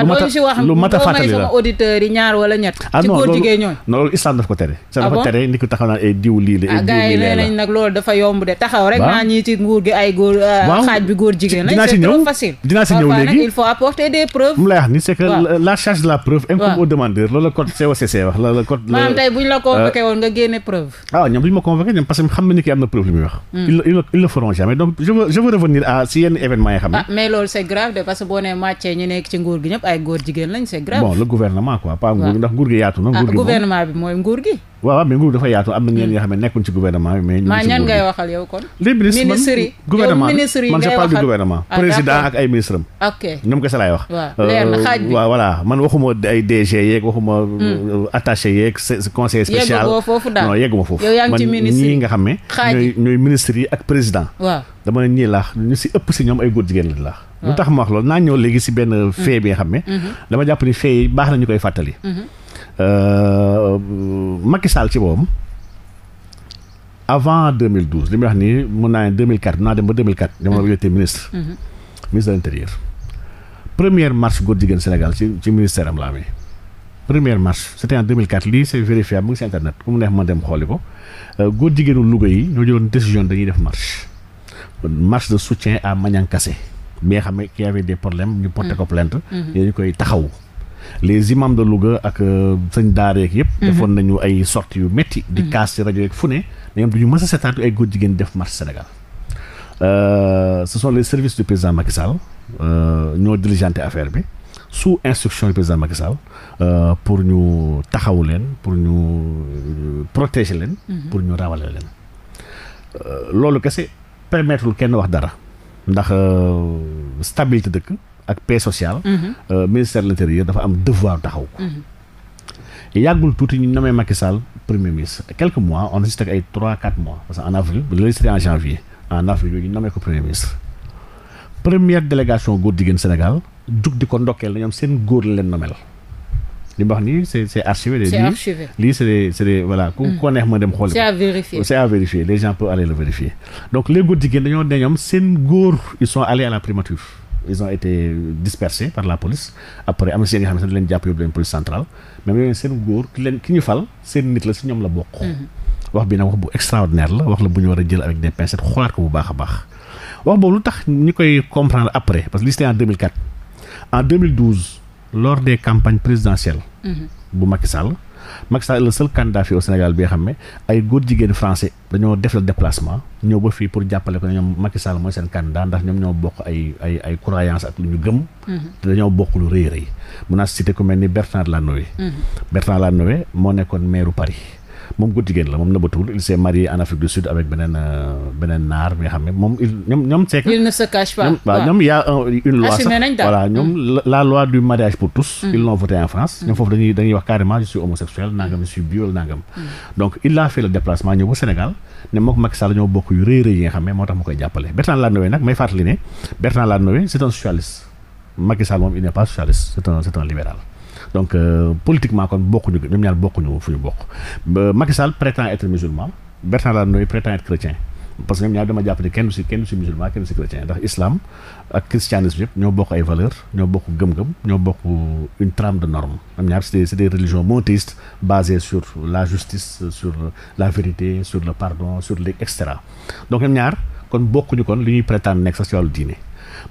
lu mat a fàttali la waaw ah, loolu si wax doo may sama la. ay diw lii la eh, ah gars yi eh, nee nañ nag loolu dafa yomb de taxaw rek. naa ñii ci nguur gi ay góor. Euh, xaaj bi góor jigéen lañ c'est trop facile. dinaa si ñëw léegi il faut apporter des preuves. mu lay wax ni c'est que la charge de la preuve incombe la code COCC wax la code. maanaam tey bu ñu la convoqué euh, woon nga génne preuve. ah ñoom bu ñu ma convoqué ñoom parce que xam na ni ki am na preuve lu muy wax. Hmm. ils ils donc je veux revenir à si yenn événements yi xam ah, mais loolu c' grave de parce que boo nee màccee ñu nekk ci nguur gi ñëpp ay góor jigéen lañ c' grave. bon le gouvernement quoi pas nguur gi ndax nguur gi yaatu na. nguur ah, gi mooy nguur gi. waaw mais nguur dafa yaatu am na ñeen yoo hmm. xam ne nekkuñ ci gouvernement bi mais ñu ngi ñan ngay waxal yow kon les ministres ministres yi gouvernement man je parle du gouvernement ah, président ak ay ministre am ok ñoom kese laay wax waaw euh, voilà man waxuma ay DG yeeg waxuma euh, hmm. attaché yeeg conseiller spécial non yegguma foofu man ñii nga xam ne ñooy ministre yi ak président dama ne ñii laax ñu si ëpp si ñoom ay góor jigéen la lu tax ma wax loolu naa ñëw léegi si benn hmm. fee bi nga xam ne dama jàpp ni fee yi baax na ñu koy fàttali Euh, Macky Sall ci boppam avant 2012 li muy wax nii mun naa ne 2004 mun naa dem ba 2004. jamono bi yooyu ministre. Mhm. ministre de l'intérieur. première marche góor jigéen Sénégal ci ci ministère am la amee première marche c'était en 2004 lii c'est vérifiable mu ngi si internet ku mu neex ma dem xooli ko euh, góor jigéenu Louga yi ñoo jëloon décision dañuy def marche marche de soutien à Magnan Kassé xam ne qui avait des problèmes ñu porté ko plainte. Mhm. ñu koy taxawu. les imams de Louga ak euh, sëñ daareek yëpp mhm. defoon nañu ay sorties yu métti di mhm. kaas ci rajo yeeg fu ne dañu am du a seetaatu ay góor jigéen def marche Sénégal euh, ce sont les services du président Macky Sall euh, ñoo diligenté affaire bi sous instruction du président Macky pour ñu taxaw leen pour ñu protéger leen mhm. pour ñu rawale leen loolu kese permettre kenn wax dara ndax stabilité dëkk ak paix sociale. Mhm. Euh, ministère de l'intérieur dafa am devoir taxaw ko. Mhm. yàggul tuuti ñu nommé Macky Sall premier ministre quelques mois on assiste ak ay trois quatre mois parce que en avril bu léegi c'était en janvier en avril yooyu ñu nommé ko premier ministre. première délégation góor jigéen Sénégal jug di ko ndokkeel na ñoom seen góor la leen nommé la li ma nii c'est c'est de lii lii c'est des c'est ku mhm. ko neex ma dem xool. c'est c'est à vérifier les gens peuvent aller seen góor ils ils ont été dispersés par la police après am na si yi nga xam ne dañ leen jàpp yóbbu leen police centrale même yooyu seen góor ki leen ki ñu fal seen nit la si ñoom la bokk. Mm-hmm. wax bi nag wax bu extraordinaire la wax la bu ñu war a jël avec des pincettes xoolaat ko bu baax a baax wax boobu lu tax ñu koy comprendre après parce que li c'était en 2004 en 2012 lors des campagnes présidentielles. Mm-hmm. bu Macky Sall. Macky Sall est le seul candidat fii au Sénégal bi nga xam ne ay góor jigéen français dañoo def la déplacement ñëw ba fii pour jàppale ko ne ñoom mooy seen candidat ndax ñoom ñoo bokk ay ay croyance ak lu ñu gëm mhm. te dañoo bokk lu rëy rëy mun naa cité ku mel ni Bertrand Lanoé mhm. Bertrand Lanoé moo nekkoon maire Paris moom góor jigéen la moom nëbbatuwul il s'est marié en Afrique du Sud avec beneen euh, beneen naar bi nga xam moom il ñoom ñoom waaw ñoom y a une loi ah, sax voilà ñoom mm. la loi du mariage pour tous mm. ils l'ont voté en France mm. ñoom foofu dañuy dañuy wax carrément je homosexuel nangam je bio nangam donc il a fait le déplacement ñëw ba Sénégal ne moo ko Macky Sall ñoo bokk yu rëy rëy yi nga xam ne moo tax mu koy jàppale Bertrand Lanoé nag may fàttali ne Bertrand Lanoé c'est c'est un donc euh, politiquement kon bokkuñu ñoom ñaar bokkuñu fu ñu bokk Macky Sall prétend kenn du si kenn du si musulman kenn du si chrétien ndax islam ñoo bokk ay valeurs ñoo bokk ñoo bokk une trame de normes ñoom ñaar c'est c'est des religions monothéistes basées la vérité sur le pardon sur le et cetera ñaar kon bokkuñu kon li ñuy prétendre nekk sax ci wàllu diine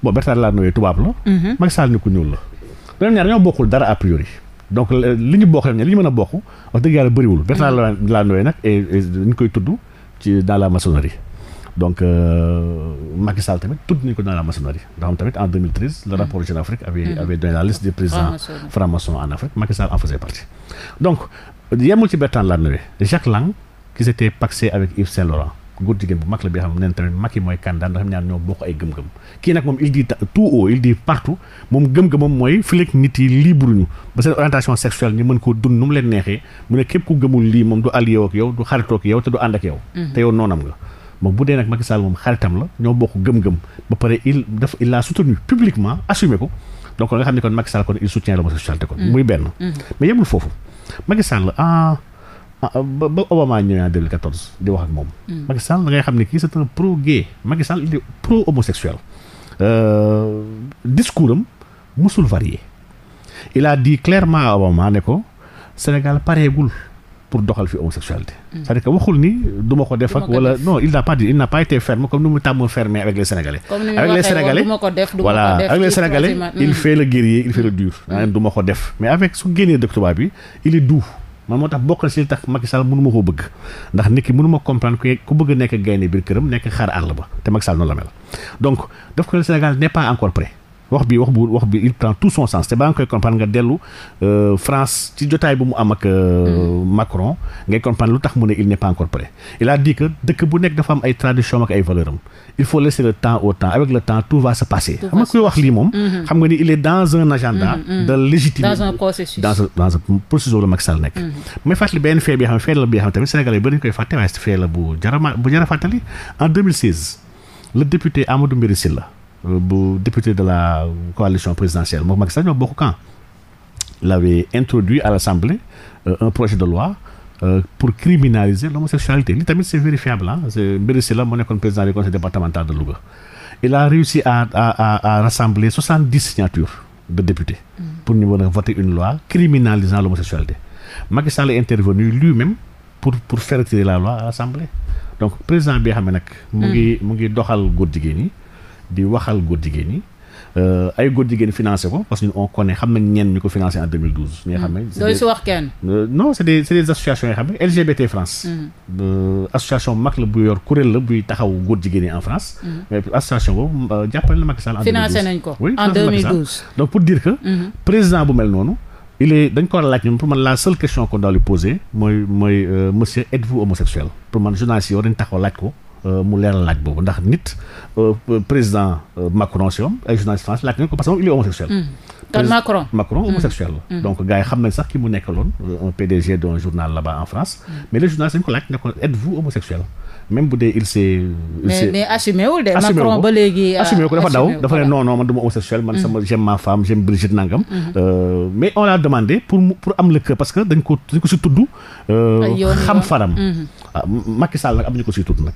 bon Bertrand tubaab la. Mhm. Macky Sall ni ku ñuul la. ñoom ñaar ñoo bokkul dara a priori donc euh, li ñu bokk li ñu mën a bokk wax dëgg yàlla bëriwul Bertrand Delanoë nag et ñu koy tudd ci dans la maçonnerie donc euh, Macky Sall tamit tudd nañu ko dans la maçonnerie ndax moom tamit en 2013 le rapport Jeune mm-hmm. Afrique partie donc yemul ci Bertrand Delanoë Jacques Lang qui s'était paxé avec Yves Saint Laurent góor jigéen bu mag la bi nga xam ne tamit mag yi mooy candidat ndax ñaar ñoo bokk ay gëm-gëm kii nag moom il dit tout haut il dit partout moom gëm-gëmam mooy fileeg nit yi libre ñu ba seen orientation sexuelle ñu mën koo dund nu mu leen neexee mu ne képp ku gëmul lii moom du allié ak yow du xaritoo ak yow te du ànd ak yow mhm. te yow noonam nga moom bu dee nag Macky moom xaritam la ñoo bokk gëm-gëm ba pare il daf il l'a publiquement assumé Ah, ah, ba ba Obama ñëwee en 2014 di wax ak moom. Hmm. Macky Sall xam ne kii c'est un pro gay Macky Sall il est pro homosexuel. Euh, discours am musul varié il a dit clairement à Obama ne ko Sénégal pareegul pour doxal fi homosexualité. Hmm. cest à que waxul ni du ko def ak. wala non il n'a pas dit il n'a pas été ferme comme ni mu tàmm fermé avec les Sénégalais. avec les Sénégalais il fait le guerrier il fait le hmm. dur. du ko def mais avec su génnee dëkk tubaab bi il est doux. man moo tax bokkal si li tax Macky Sall ma koo bëgg ndax nit ki mënu ma comprendre ku ku bëgg nekk gaynde biir këram nekk xaar àll ba te Macky Sall noonu la mel donc daf ko Sénégal n'est pas encore prêt wax bi wax bu wax bi il prend tout son sens te baa nga koy comprendre nga dellu euh, France ci jotaay bu mu am ak euh, Macron ngay comprendre lu tax mu ne il n'est pas encore prêt il a dit que dëkk bu nekk dafa am ay tradition ak ay valeur am il faut laisser le le temps tout va se passer xam nga kuy wax lii moom mm-hmm. xam nga ni il mm-hmm, mm-hmm. benn fee bi xam ne fee la bi xam tamit Sénégalais yi bëri ñu koy fàtte waaye fee la bu jara bu jara fàttali en 2016 le député Amadou Mbéry Sylla bu député de la coalition présidentielle moom Macky Sall ñoo bokk camp il avait introduit à l'Assemblée euh, un projet de loi euh, pour criminaliser l'homosexualité li tamit c'est vérifiable ah c'est Mbirisi la moo nekkoon président du conseil départemental de Louga il a réussi à à à à soixante-dix signatures de députés mm. pour ñu mën a voter une loi criminalisant l'homosexualité Macky Sall est intervenu lui-même pour pour faire la loi à l'Assemblée donc président bi xam ne nag mu mm. mu ngi doxal góor di waxal góor jigéen ñi euh, ay góor jigéen financé ko parce que on connaît xam nañ ñenn ñu ko financé en 2012. ñi nga xam mm. ne dooy si wax kenn. Euh, non c' est des c' est des associations LGBT France. Mm. Euh, association mag la bu yor kuréel la buy taxaw góor jigéen ñi en France. Mm. mais association boobu jàppale na Macky Sall. en 2012 financé nañ ko en 2012 donc pour dire que. Mm-hmm. président bu mel noonu. il dañ ko war a laaj ñun pour man la seule question qu'on doit lui poser mooy mooy monsieur êtes pour man journaliste yi war nañ taxaw ko. Euh, mu leen laaj boobu ndax nit euh, président euh, Macron si moom ay journaliste français laaj nañ ko parce que moom il est homosexuel. Hmm. kon hmm. hmm. donc gars yi xam nañ sax ki mu nekk loon PDG d'un ko laaj ne ko êtes-vous bu dee il s'est. il de. Macron ba léegi assumé ko dafa daw dafa ne non non man du ma homosexuel. man sama j'aime ma femme Brigitte Nangam. mais on l'a demandé pour mu pour am le cœur parce que dañ ko ko si tudd. xam faram. Ah, Macky Sall nag am ñu ko si t nag.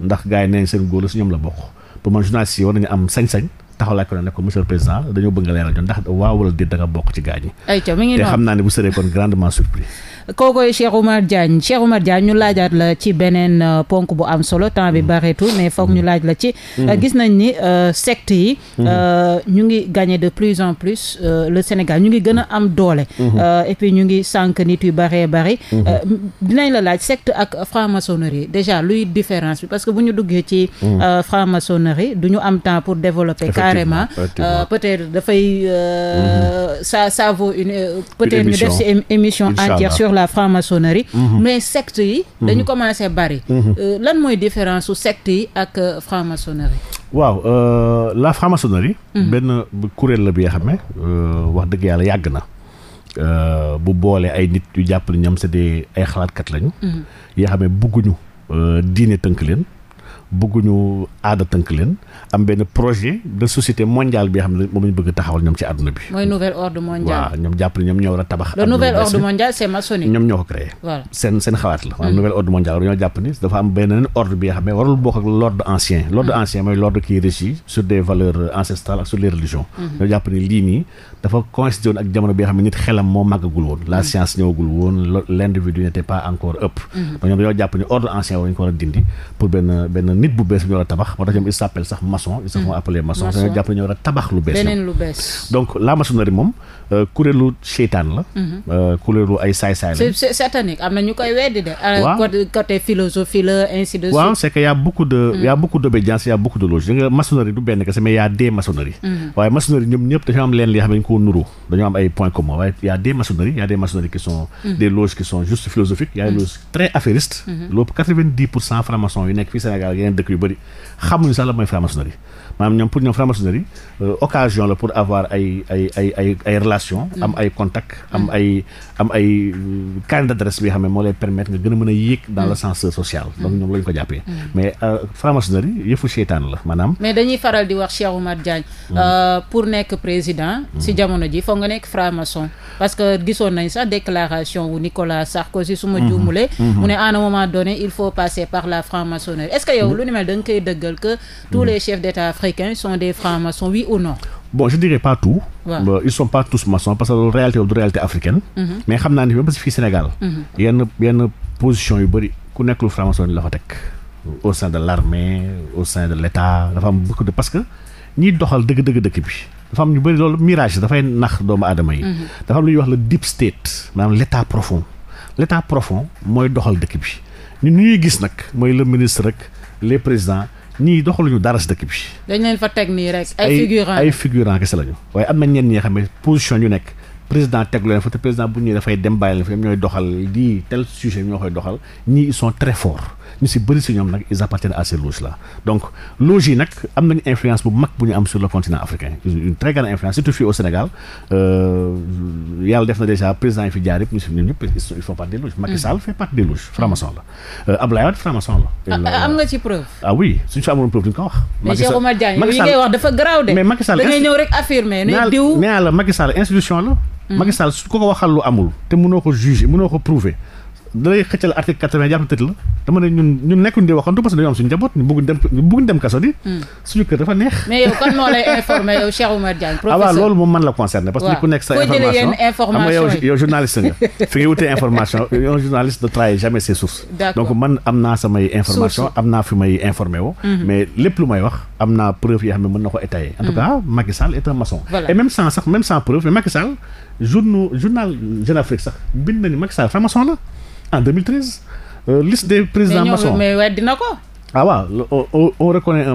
ndax gars yi neen seen góor la su ñoom la bokk pour man journaliste yi war nañu am sañ-sañ taxaw ko ne ko monsieur le président dañoo bëgg nga leeral ñoom ndax waaw wala déet da nga bokk ci gars ñi. ayca mi ngi noonu te xam naa ne bu sëree kon grandement surpris. kookoy Cheikh Oumar Diagne Cheikh Oumar Diagne ñu laajaat la ci beneen euh, ponk bu am solo temps bi mm. bareetul mais foog ñu mm. laaj la ci. Mm. Euh, gis nañ ni euh, secte yi. ñu ngi gagner de plus en plus le Sénégal ñu ngi gën a am doole. Mm-hmm. et puis ñu ngi sànq nit yu baree bari. Mm-hmm. dinañ la laaj secte ak franc-maçonnerie déjà luy différence bi parce que bu ñu duggee ci. franc-maçonnerie du ñu am temps pour développer carrément. Euh, peut-être dafay. Euh, mm -hmm. ça une. peut-être ñu def ci émission entière la franc-maçonnerie mhm. mais secte yi mhm. dañu commencé bari mhm. euh, lan mooy différence su sect yi ak euh, franc waaw euh, la franc-maçonnerie benn kuréel la bi nga xam ne wax dëgg yàlla yàgg na bu boole ay nit yu jàpp ne ñoom c'est ay xalaatkat lañu yi nga bugguñu diine tënk leen bëgguñu aada tënk leen am benn projet de société mondiale bi xam ne moom ñu bëgg a taxawal ñoom ci àdduna bi. mooy nouvel ordre mondial. waaw ñoom jàpp ne ñoom ñoo war a tabax. Hmm. ni dafa am benn ordre bi nga xam ne warul bokk ak l'ordre ancien. Hmm. l'ordre ancien mooy l'ordre qui régit sur des valeurs ancestrales ak sur les religions. Hmm. ñoo jàpp ni lii nii dafa coïncidé ak jamono bi nga xam ne nit xelam moo màggagul woon. la science ñëwagul woon l'individu n'était pas encore ëpp. ñoom dañoo jàpp ni ordre a nit bu bees bu ñu war a tabax moo tax ñoom ils s'appellent sax maçon ils se font hmm. appeler maçon dañoo jàpp ne ñu a tabax lu bees beneen lu bees donc la moom Euh, kuréelu seytaan la. Mhm. Euh, kuréelu ay saay-saay la. c'est satanique am na euh, a mhm. a beaucoup d'obédience a mhm. am ñoom pour ñoom franc-maçonnerie occasion la pour avoir ay ay ay ay relation mm. am ay contact am mm. ay am ay euh, carnet d'adresse bi xam ne moo lay permettre nga gën a mën a yéeg dans mm. l'ascenseur social donc ñoom la ñu ko jàppee mais euh, franc-maçonnerie yëfu seytaan la maanaam mais dañuy faral di wax Cheikh Oumar Diagne euh, pour nekk président si jamono ji foog nga nekk franc-maçon parce que gisoon nañ sax déclaration wu Nicolas Sarkozy su ma mm-hmm. juumulee mm-hmm. mu ne à moment donné il faut passer par la franc-maçonnerie est-ce que yow lu ni mel da nga koy bon je dirais pas tout. Ouais. ils sont pas parce que loolu réalité africaine. Mhm. mais xam naa ne même si fii Sénégal. Mhm. yenn yenn position yu bëri ku nekk lu franc-maçon la fa teg. au sein de l'armée au sein de l'État dafa am beaucoup de parce que ñiy doxal dëgg-dëgg dëkk bi. dafa am ñu bëri loolu mirage dafay nax doomu aadama yi. Mhm. dafa am lu ñuy wax le deep state maanaam l'État profond. l'État profond mooy doxal dëkk bi ñun ñuy gis nag mooy le ministre ñii doxaluñu dara si dëkk bi. dañ leen fa teg nii rek. ay figurant ay figurant lañu. waaye am na ñenn ñi nga xam ne position ñu nekk président teg leen fa te président bu ñu dafay dem bàyyi leen fa ñoom ñooy doxal lii tel sujet ñoo koy doxal ñii ils sont très forts. ñu si bëri si ñoom nag ils appartiennent à ces loges là donc loges yi nag am nañu influence bu mag bu ñu am sur le continent africain une très grande influence surtout fii au Sénégal euh, yàlla def na déjà président yi fi jaar yëpp ñu si ñun ñëpp ils font partie des loges Macky Sall fait partie des loges franc-maçon la euh, Abdoulaye Wade franc-maçon la ah, ah, am nga ci preuve ah oui suñu si amoon preuve duñu ko wax mais Cheikh Diagne su ko ko waxal lu amul te mënoo ko juger mënoo ko prouver dalay xëccal article quatre-vingt jàpp tëj la dama ne ñun ñun nekkuñ di waxantu parce que dañoo am suñu njaboot ñu bëgg dem ñu bëgg dem kaso di hmm. suñu kër dafa neex mais yow kan moo ah loolu moom man la concerné parce que ni ku nekk sa information xam nga yow yow journaliste nga fi ngay wutee information yow journaliste ne trahit jamais ses sources donc man am naa samay information am naa fi may informé mhm. mais lépp lu may wax am naa preuve yoo xam ne mën na ko étayer en en 2013 euh, liste des présidents maçons mais weddi na ko. ah waaw on, on, on reconnaît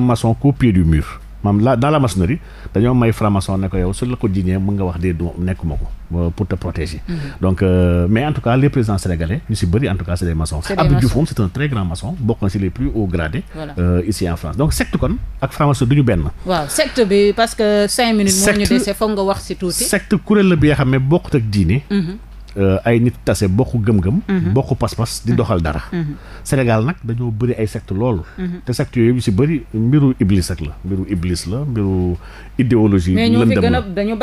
pied du mur maam la dans la maçonnerie dañoo may franc ne ko yow su la ko jiiñee mën nga wax dee du nekkuma ko euh, pour te protéger. Mhm. donc euh, mais en tout cas les présidents sénégalais ñu si bëri en tout cas c'est des maçons. Abdou Diouf moom c'est grand maçon bokk na si les plus hauts gradés. Euh, ici en France donc secte kon ak franc du ñu benn. waaw secte bi parce que cinq minutes. moo ñu dese foog nga wax si tuuti. bi nga xam Euh, ay nit tase bokk gëm-gëm. Mhm. bokk pas-pas di mhm. doxal dara. Mhm. Sénégal nag dañoo bëri ay secte loolu. te secte yooyu yu si bëri mbiru iblis ak la mbiru iblis la mbiru idéologie. lëndëm la mais ñoo fi gën a dañoo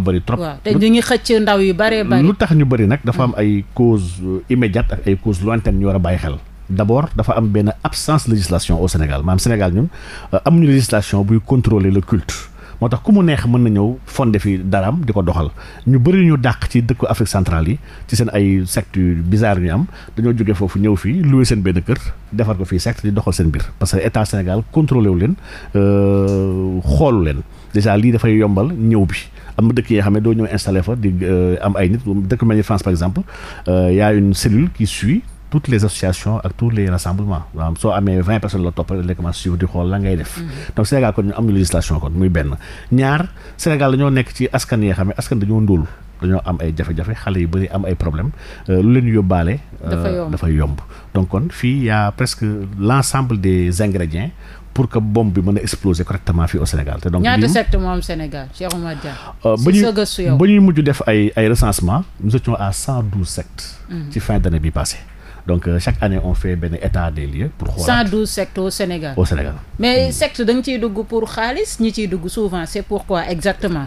bëri temps yi te ñu ngi xëcc ndaw yu bëree bëri. lu tax ñu bari nag dafa am ay cause euh, immédiate ak ay cause lointaine ñu war a bàyyi xel. d'abord dafa am benn absence législation au Sénégal maanaam Sénégal ñun euh, amuñu législation buy contrôler le culte. moo tax ku mu neex mën na ñëw fonde fi am di ko doxal ñu bëri ñu dàq ci dëkku Afrique centrale yi ci seen ay secte yu bizarre ñu am dañoo jógee foofu ñëw fii lu seen benn kër defar ko fii secte di doxal seen biir parce que état Sénégal contrôlé wu leen euh, xoolu leen déjà lii dafay yombal ñëw bi am dëkk yi nga xam ne doo ñëw installé fa di euh, am ay nit dëkk mel ni France par exemple euh, y a une cellule qui suit toutes les associations ak tous les rassemblements maanaam soo amee vingt personnes la topp rek la commencé suivre di xool la ngay def mm-hmm. Sénégal kon ñu am na législation kon muy benn ñaar Sénégal dañoo nekk ci askan yi xam ne askan dañoo ndóol dañoo am ay jafe-jafe xale yu bëri am ay problème euh, lu leen yóbbaale euh, dafay yomb donc kon fii y a presque l'ensemble des ingrédients pour que bombe bi mën a exploser correctement fii au Sénégal te donc ñaata secte moom Sénégal euh, ba ñuy mujj def ay ay recensement nous étions à cent douze sectes mm-hmm. ci fin d'année donc euh, chaque année on fait benn état des lieux. pour xoolaat 112 sectes au Sénégal. au Sénégal. mais mm. secte da nga ciy dugg pour xaalis ñi ciy dugg souvent c'est pourquoi exactement.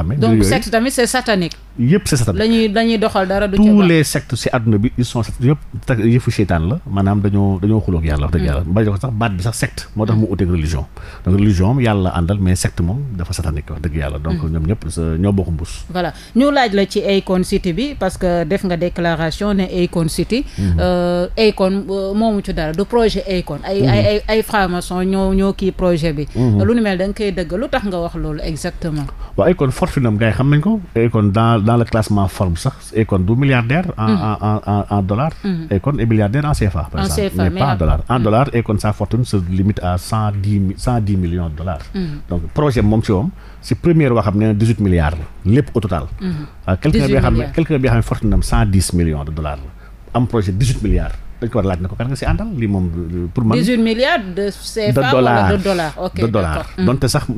xam ne. donc secte tamit c'est satanique. yëpp c'est satanique lañuy dañuy doxal dara. du tous les sectes si àdduna bi ils sont sectes yëpp yëfu la maanaam dañoo dañoo yàlla wax dëgg hmm. yàlla. ba jox sax baat bi sax hmm. yàlla dafa dëgg yàlla. donc hmm. ñoom ñëpp ñoo bokk mbuus. ñu laaj la ci Akon City bi parce que def nga déclaration ne Akon City. Euh, Akon euh, moomu ci dara du projet Akon. ay ay ay franc-maçon ñoo kii projet bi. lu ni mel da koy dëgg lu tax nga fortune am xam nañ ko. Akon dans dans le classement forme sax Akon du milliardaire. en mhm. en en en dollars. Mhm. Akon est en CFA. par exemple mais pas en dollars en mhm. dollars Akon sa fortune se limite à cent dix cent de dollars. donc projet moom si moom si première boo xam ne dix huit milliards la lépp au total. Ah, dix huit milliards bi nga xam ne quelqu'un bi nga xam fortune am cent dix millions de dollars la am projet dix huit milliards. dañ ko war laaj na ko man 18 milliards de hmm. sax 6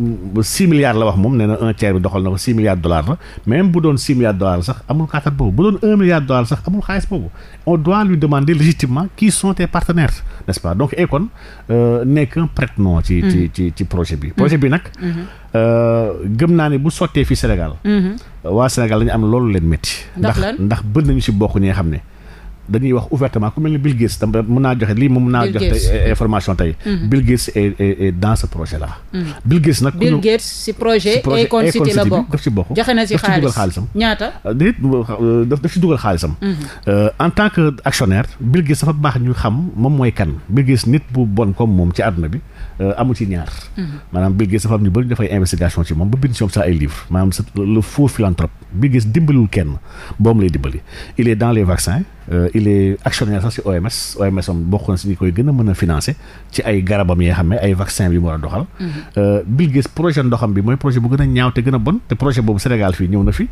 milliards la wax moom na un tiers bi doxal na ko 6 milliards dollars la même bu doon 6 milliards dollars sax amul kàttan boobu bu doon 1 milliard dollars sax amul xaalis boobu on doit lui demander légitimement qui sont tes partenaires nest pas donc Akon euh, n'est qu'un prête ci ci hmm. ci ci projet bi projet bi nag hmm. Euh, gëm naa ne bu sottee fii Sénégal waa Sénégal dañu am loolu leen métti ndax ndax bëri nañu si bokk ñi nga xam ne dañuy wax ouvertement ku mel ni Bill Gates tam mën naa joxe lii moom mën naa joxe information tey. Mhm. Bill Gates est est dans ce projet là. Mhm. Bill Gates nag. Bill Gates si projet. Akon City la bokk daf si bokk. joxe ñaata. Euh, nit euh, euh, daf si dugal xaalisam. Mhm. en tant que actionnaire Bill Gates dafa baax ñu xam moom mooy kan Bill Gates nit bu bon comme moom ci àdduna bi. Euh, amu ci ñaar. Mhm. maanaam Bill Gates dafa am ñu bëri dafay investigation ci moom ba bind ci moom sax ay livres maanaam c'est le faux philanthrope Bill Gates dimbaliwul kenn boom euh, a a financer a mhm. euh, mooy projet bu gën a ñaaw te gën a bon te projet boobu Sénégal fii ñëw na fi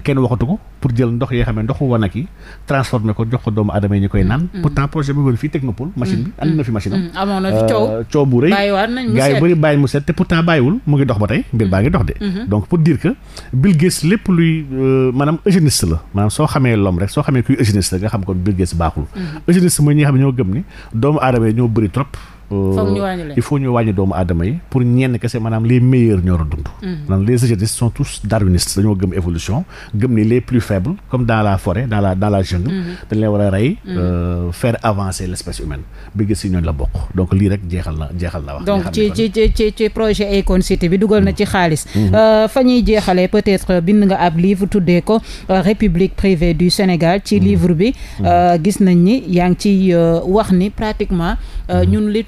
kenn waxatu ko pour jël ndox yi nga ndoxu wanak yi transformé ko jox ko doomu aadama yi ñu koy naan. Mhm. pourtant projet bi woon fii Technopole. machine bi andi na fi machine amoon na fi coow bu rëy gars bëri bàyyi mu set te pourtant bàyyiwul mu ngi dox ba tey mbir baa ngi dox de mm-hmm. donc pour dire que Bill Gates lépp luy euh, maanaam eugéniste la maanaam soo xamee l'homme rek soo xamee kuy eugéniste la nga xam kon Bill Gates baaxul mm-hmm. eugéniste mooy ñi xam ñoo gëm ni doomu aadama ñoo bëri trop Euh, il faut ñu wàññi doomu aadama yi pour ñenn kese maanaam les meilleurs ñoo dund mm-hmm. maanaam les eugénistes tous darwinistes dañoo gëm évolution gëm ni les plus faibles comme dans forêt dans la dans mm-hmm. leen war a rey mm-hmm. euh, faire avancer l'espèce humaine bi gis si ñooñu la bokk donc lii rek jeexal na jeexal na wax donc ci projet Akon bi dugal na ci xaalis euh, fa ñuy jeexalee peut-être bind nga ab livre tuddee ko République privée du Sénégal ci livre bi gis nañ ni yaa ngi ciy wax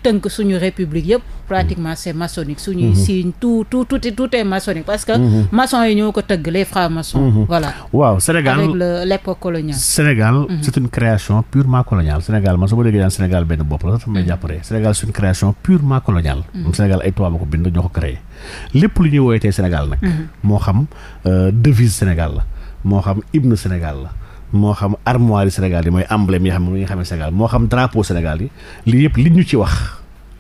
tënk suñu république yëpp pratiquement c'est maçonnique suñuy mhm. signe tout tout tout tout est maçonnique parce que mhm. maçon yi ñoo ko tëgg les francs-maçons mhm. voilà waaw Sénégal avec l'époque coloniale Sénégal c'est une création purement coloniale Sénégal man su ma déggee daan Sénégal benn bopp la sax may jàppale Sénégal c'est une création purement coloniale Sénégal ay tubaab a ko bind ñoo ko créé lépp lu ñuy woowee tey Sénégal nag moo xam euh, devise Sénégal la moo xam hymne Sénégal la moo xam armoire yi Sénégal yi mooy emblème yi xam ne mi nga xam ne Sénégal moo xam drapeau Sénégal yi lii yëpp li ñu ci wax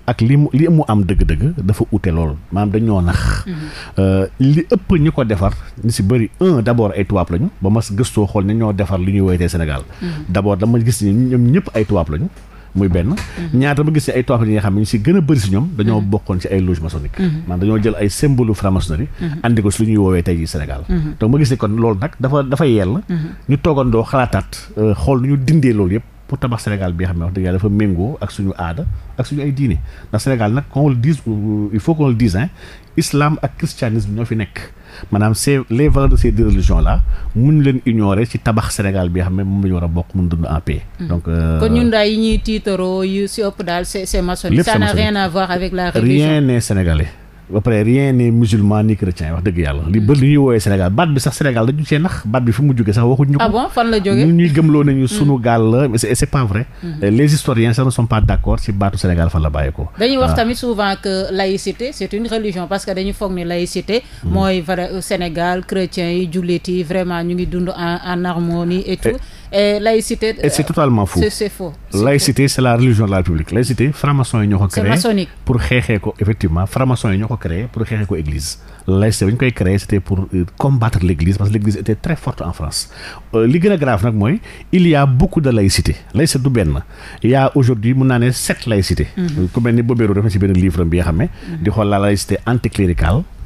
ak li mu li mu am dëgg-dëgg dafa ute loolu maanaam dañoo nax mhm. euh, li ëpp ñu ko defar ñu si bëri un d' abord ay tubaab lañu ba ma gëstoo xool ne ñoo defar li ñuy woytee Sénégal mhm. d' abord dama gis ni ñoom ñëpp ay tubaab lañu muy benn mhm. ñaata ma gis si ay tooxal yi nga xam ne ñu si gën a bëri si ñoom dañoo mhm. bokkoon si ay loge maçonnique mhm. maanaam dañoo jël ay symbole franc-maçonnerie andi ko si lu ñuy woowee tey ji Sénégal donc ma gis ne kon loolu nag dafa dafa yell ñu toogandoo xalaataat euh, xool nu ñu dindee loolu yëpp pour tabax Sénégal bi nga xam wax dëgg yàlla dafa méngoo ak suñu aada ak suñu ay diine ndax Sénégal nag qu'on le dise il faut qu'on ak christianisme ñoo fi nekk maanaam c'est les valeurs de ces deux religions là mun leen ignorer ci tabax Sénégal bi nga xam ne moom la ñu war a bokk mun dund en paix. Hmm. donc euh, kon ñun daal yi ñuy tiitaroo yu si ëpp daal c'est c'est maçonnique. ça n'a rien à voir avec la religion rien n'est ba pare rien n'est musulman ni chrétien wax dëgg yàlla li bëri li ñuy woowee Sénégal baat bi sax Sénégal dañu cee nax baat bi fu mu jóge sax waxuñu ko. Ah fan la jógee ñu ñuy gëmloo nañu hmm. sunu gaal la c'est pas vrai. Hmm. Euh, les historiens sax ne sont pas d'accord ci baatu Sénégal fan la bàyyi ko. dañuy wax ah. tamit souvent que laïcité c'est une religion parce que dañu foog ni laïcité. Hmm. mooy Sénégal chrétiens yi jullit yi vraiment ñu ngi dund en en harmonie et eh, tout. Euh, et c'est totalement faux c'est c'est la religion de la République laïcité franc-maçon yi ñoo ko. créé pour xeexee ko effectivement franc yi ñoo ko créé pour xeexee ko église. laïcité bi ñu koy créé c'était pour euh, combattre l'église parce que l'église était très forte en France euh, li gën a grave nag mooy il y a beaucoup de laïcité du benn y aujourd'hui mun naa ne sept mm-hmm. laïcité.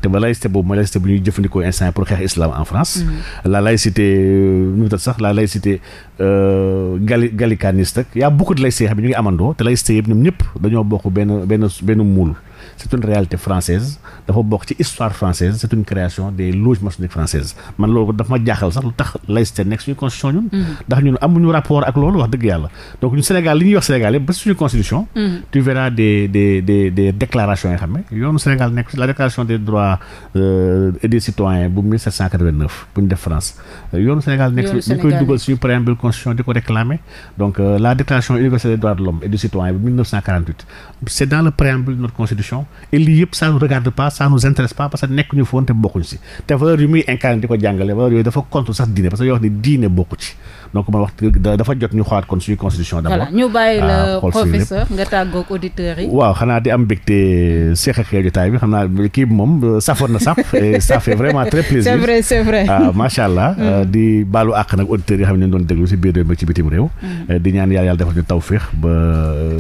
te ba laïcité boobu ma laïcité bu ñuy jëfandikoo instant pour xeex islam en France. Mm-hmm. la laïcité euh, nu mu tudd sax la laïcité euh, gali gallicaniste ak y' a beaucoup de laïcité yoo xam ne ñu ngi amandoo te laïcité yëpp ñoom ñëpp dañoo bokk benn benn benn muul. c'est une réalité française dafa bokk ci histoire française c'est une création des loges maçonniques françaises man loolu dafa ma jaaxal sax lu tax laïcité nekk suñu constitution ñun mhm. ndax ñun amuñu rapport ak loolu wax dëgg yàlla donc ñun Sénégal li ñuy wax Sénégal ba suñu constitution mhm. tu verras des des des des déclarations xam ne yoonu Sénégal nekk la déclaration des droits euh, et des bu 1789 def France euh, yoonu Sénégal nekk ñu koy dugal suñu préambule constitution et lii yëpp ça nous regarde pas ça nous intéresse pas parce nekk ñu foon te bokkuñ si te valeur muy incarné di ko jàngale valeur yooyu dafa contre sax diine parce yoo wax ni diine bokku ci donc man wax dafa jot ñu xoolaat kon suñu constitution d'abord ñu bàyyi la ah, professeur nga tàggoog auditeurs yi waaw xanaa di am mbégte euh, seex ak yow jotaay bi xam naa kii moom euh, safoon na sap et ça fait vraiment très plaisir c'est vrai c'est vrai ah macha allah mm. euh, di yi xam ne ñu doon déglu si biir réew mi ci bitim réew mm. di ñaan yàlla yàlla defal ñu tawféex ba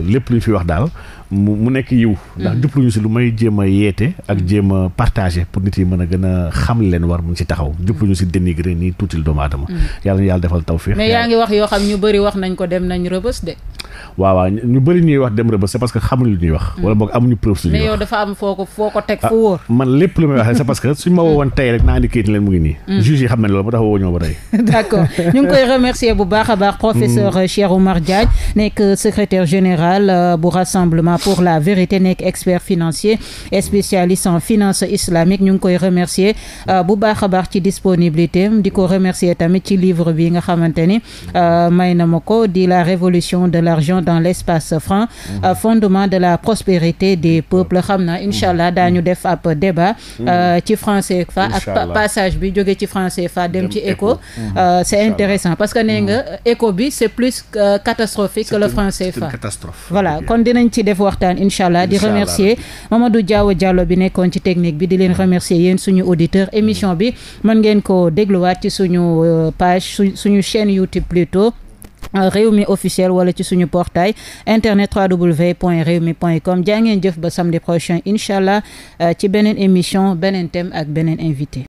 lépp lu fi wax daal mu mu nekk yiw ndax mm. jubluñu si lu may jéem a yeete ak mm. jéem a partagé pour nit yi mën a gën a xam leen war mun si taxaw mm. jubluñu si dénigré nii tuutil doomu aadama yàlla na yàlla defal tawfiq mais yaa ngi wax yoo xam ñu bëri wax nañ ko dem nañ rëbës de waaw ñu bëri ñuy wax dem rëbës c'est parce que xamuñu lu ñuy wax wala boog amuñu preuve suñu mais yow dafa am foo ko foo ko teg ah, fu wóor man lépp lu may wax c'est parce que suñ ñu ngi koy remercier bu a pour la vérité nekk expert financier et spécialiste en finance islamique ñu ngi koy remercier euh, bu baax a baax ci disponibilité di ko remercier tamit ci livre bi nga xamante ni euh, may na ma ko di la révolution de l'argent dans l'espace franc euh, fondement de la prospérité des peuples xam na incha allah daañu def ab débat ci français fa ak passage bi jóge ci franc fa dem ci éco c'est intéressant parce que ne nga éco mm. bi c'est plus catastrophique que le franc waxtaan incha allah di remercier Mamadou Diaw bi nekkoon ci technique bi di leen remercier yéen suñu auditeur émission bi mën ngeen ko dégluwaat ci suñu euh, page su suñu chaîne YouTube euh, réew mi officiel wala ci suñu portail internet www.rewmi.com jaa ngeen jëf ba samedi prochain incha allah euh, ci beneen émission beneen thème ak beneen invité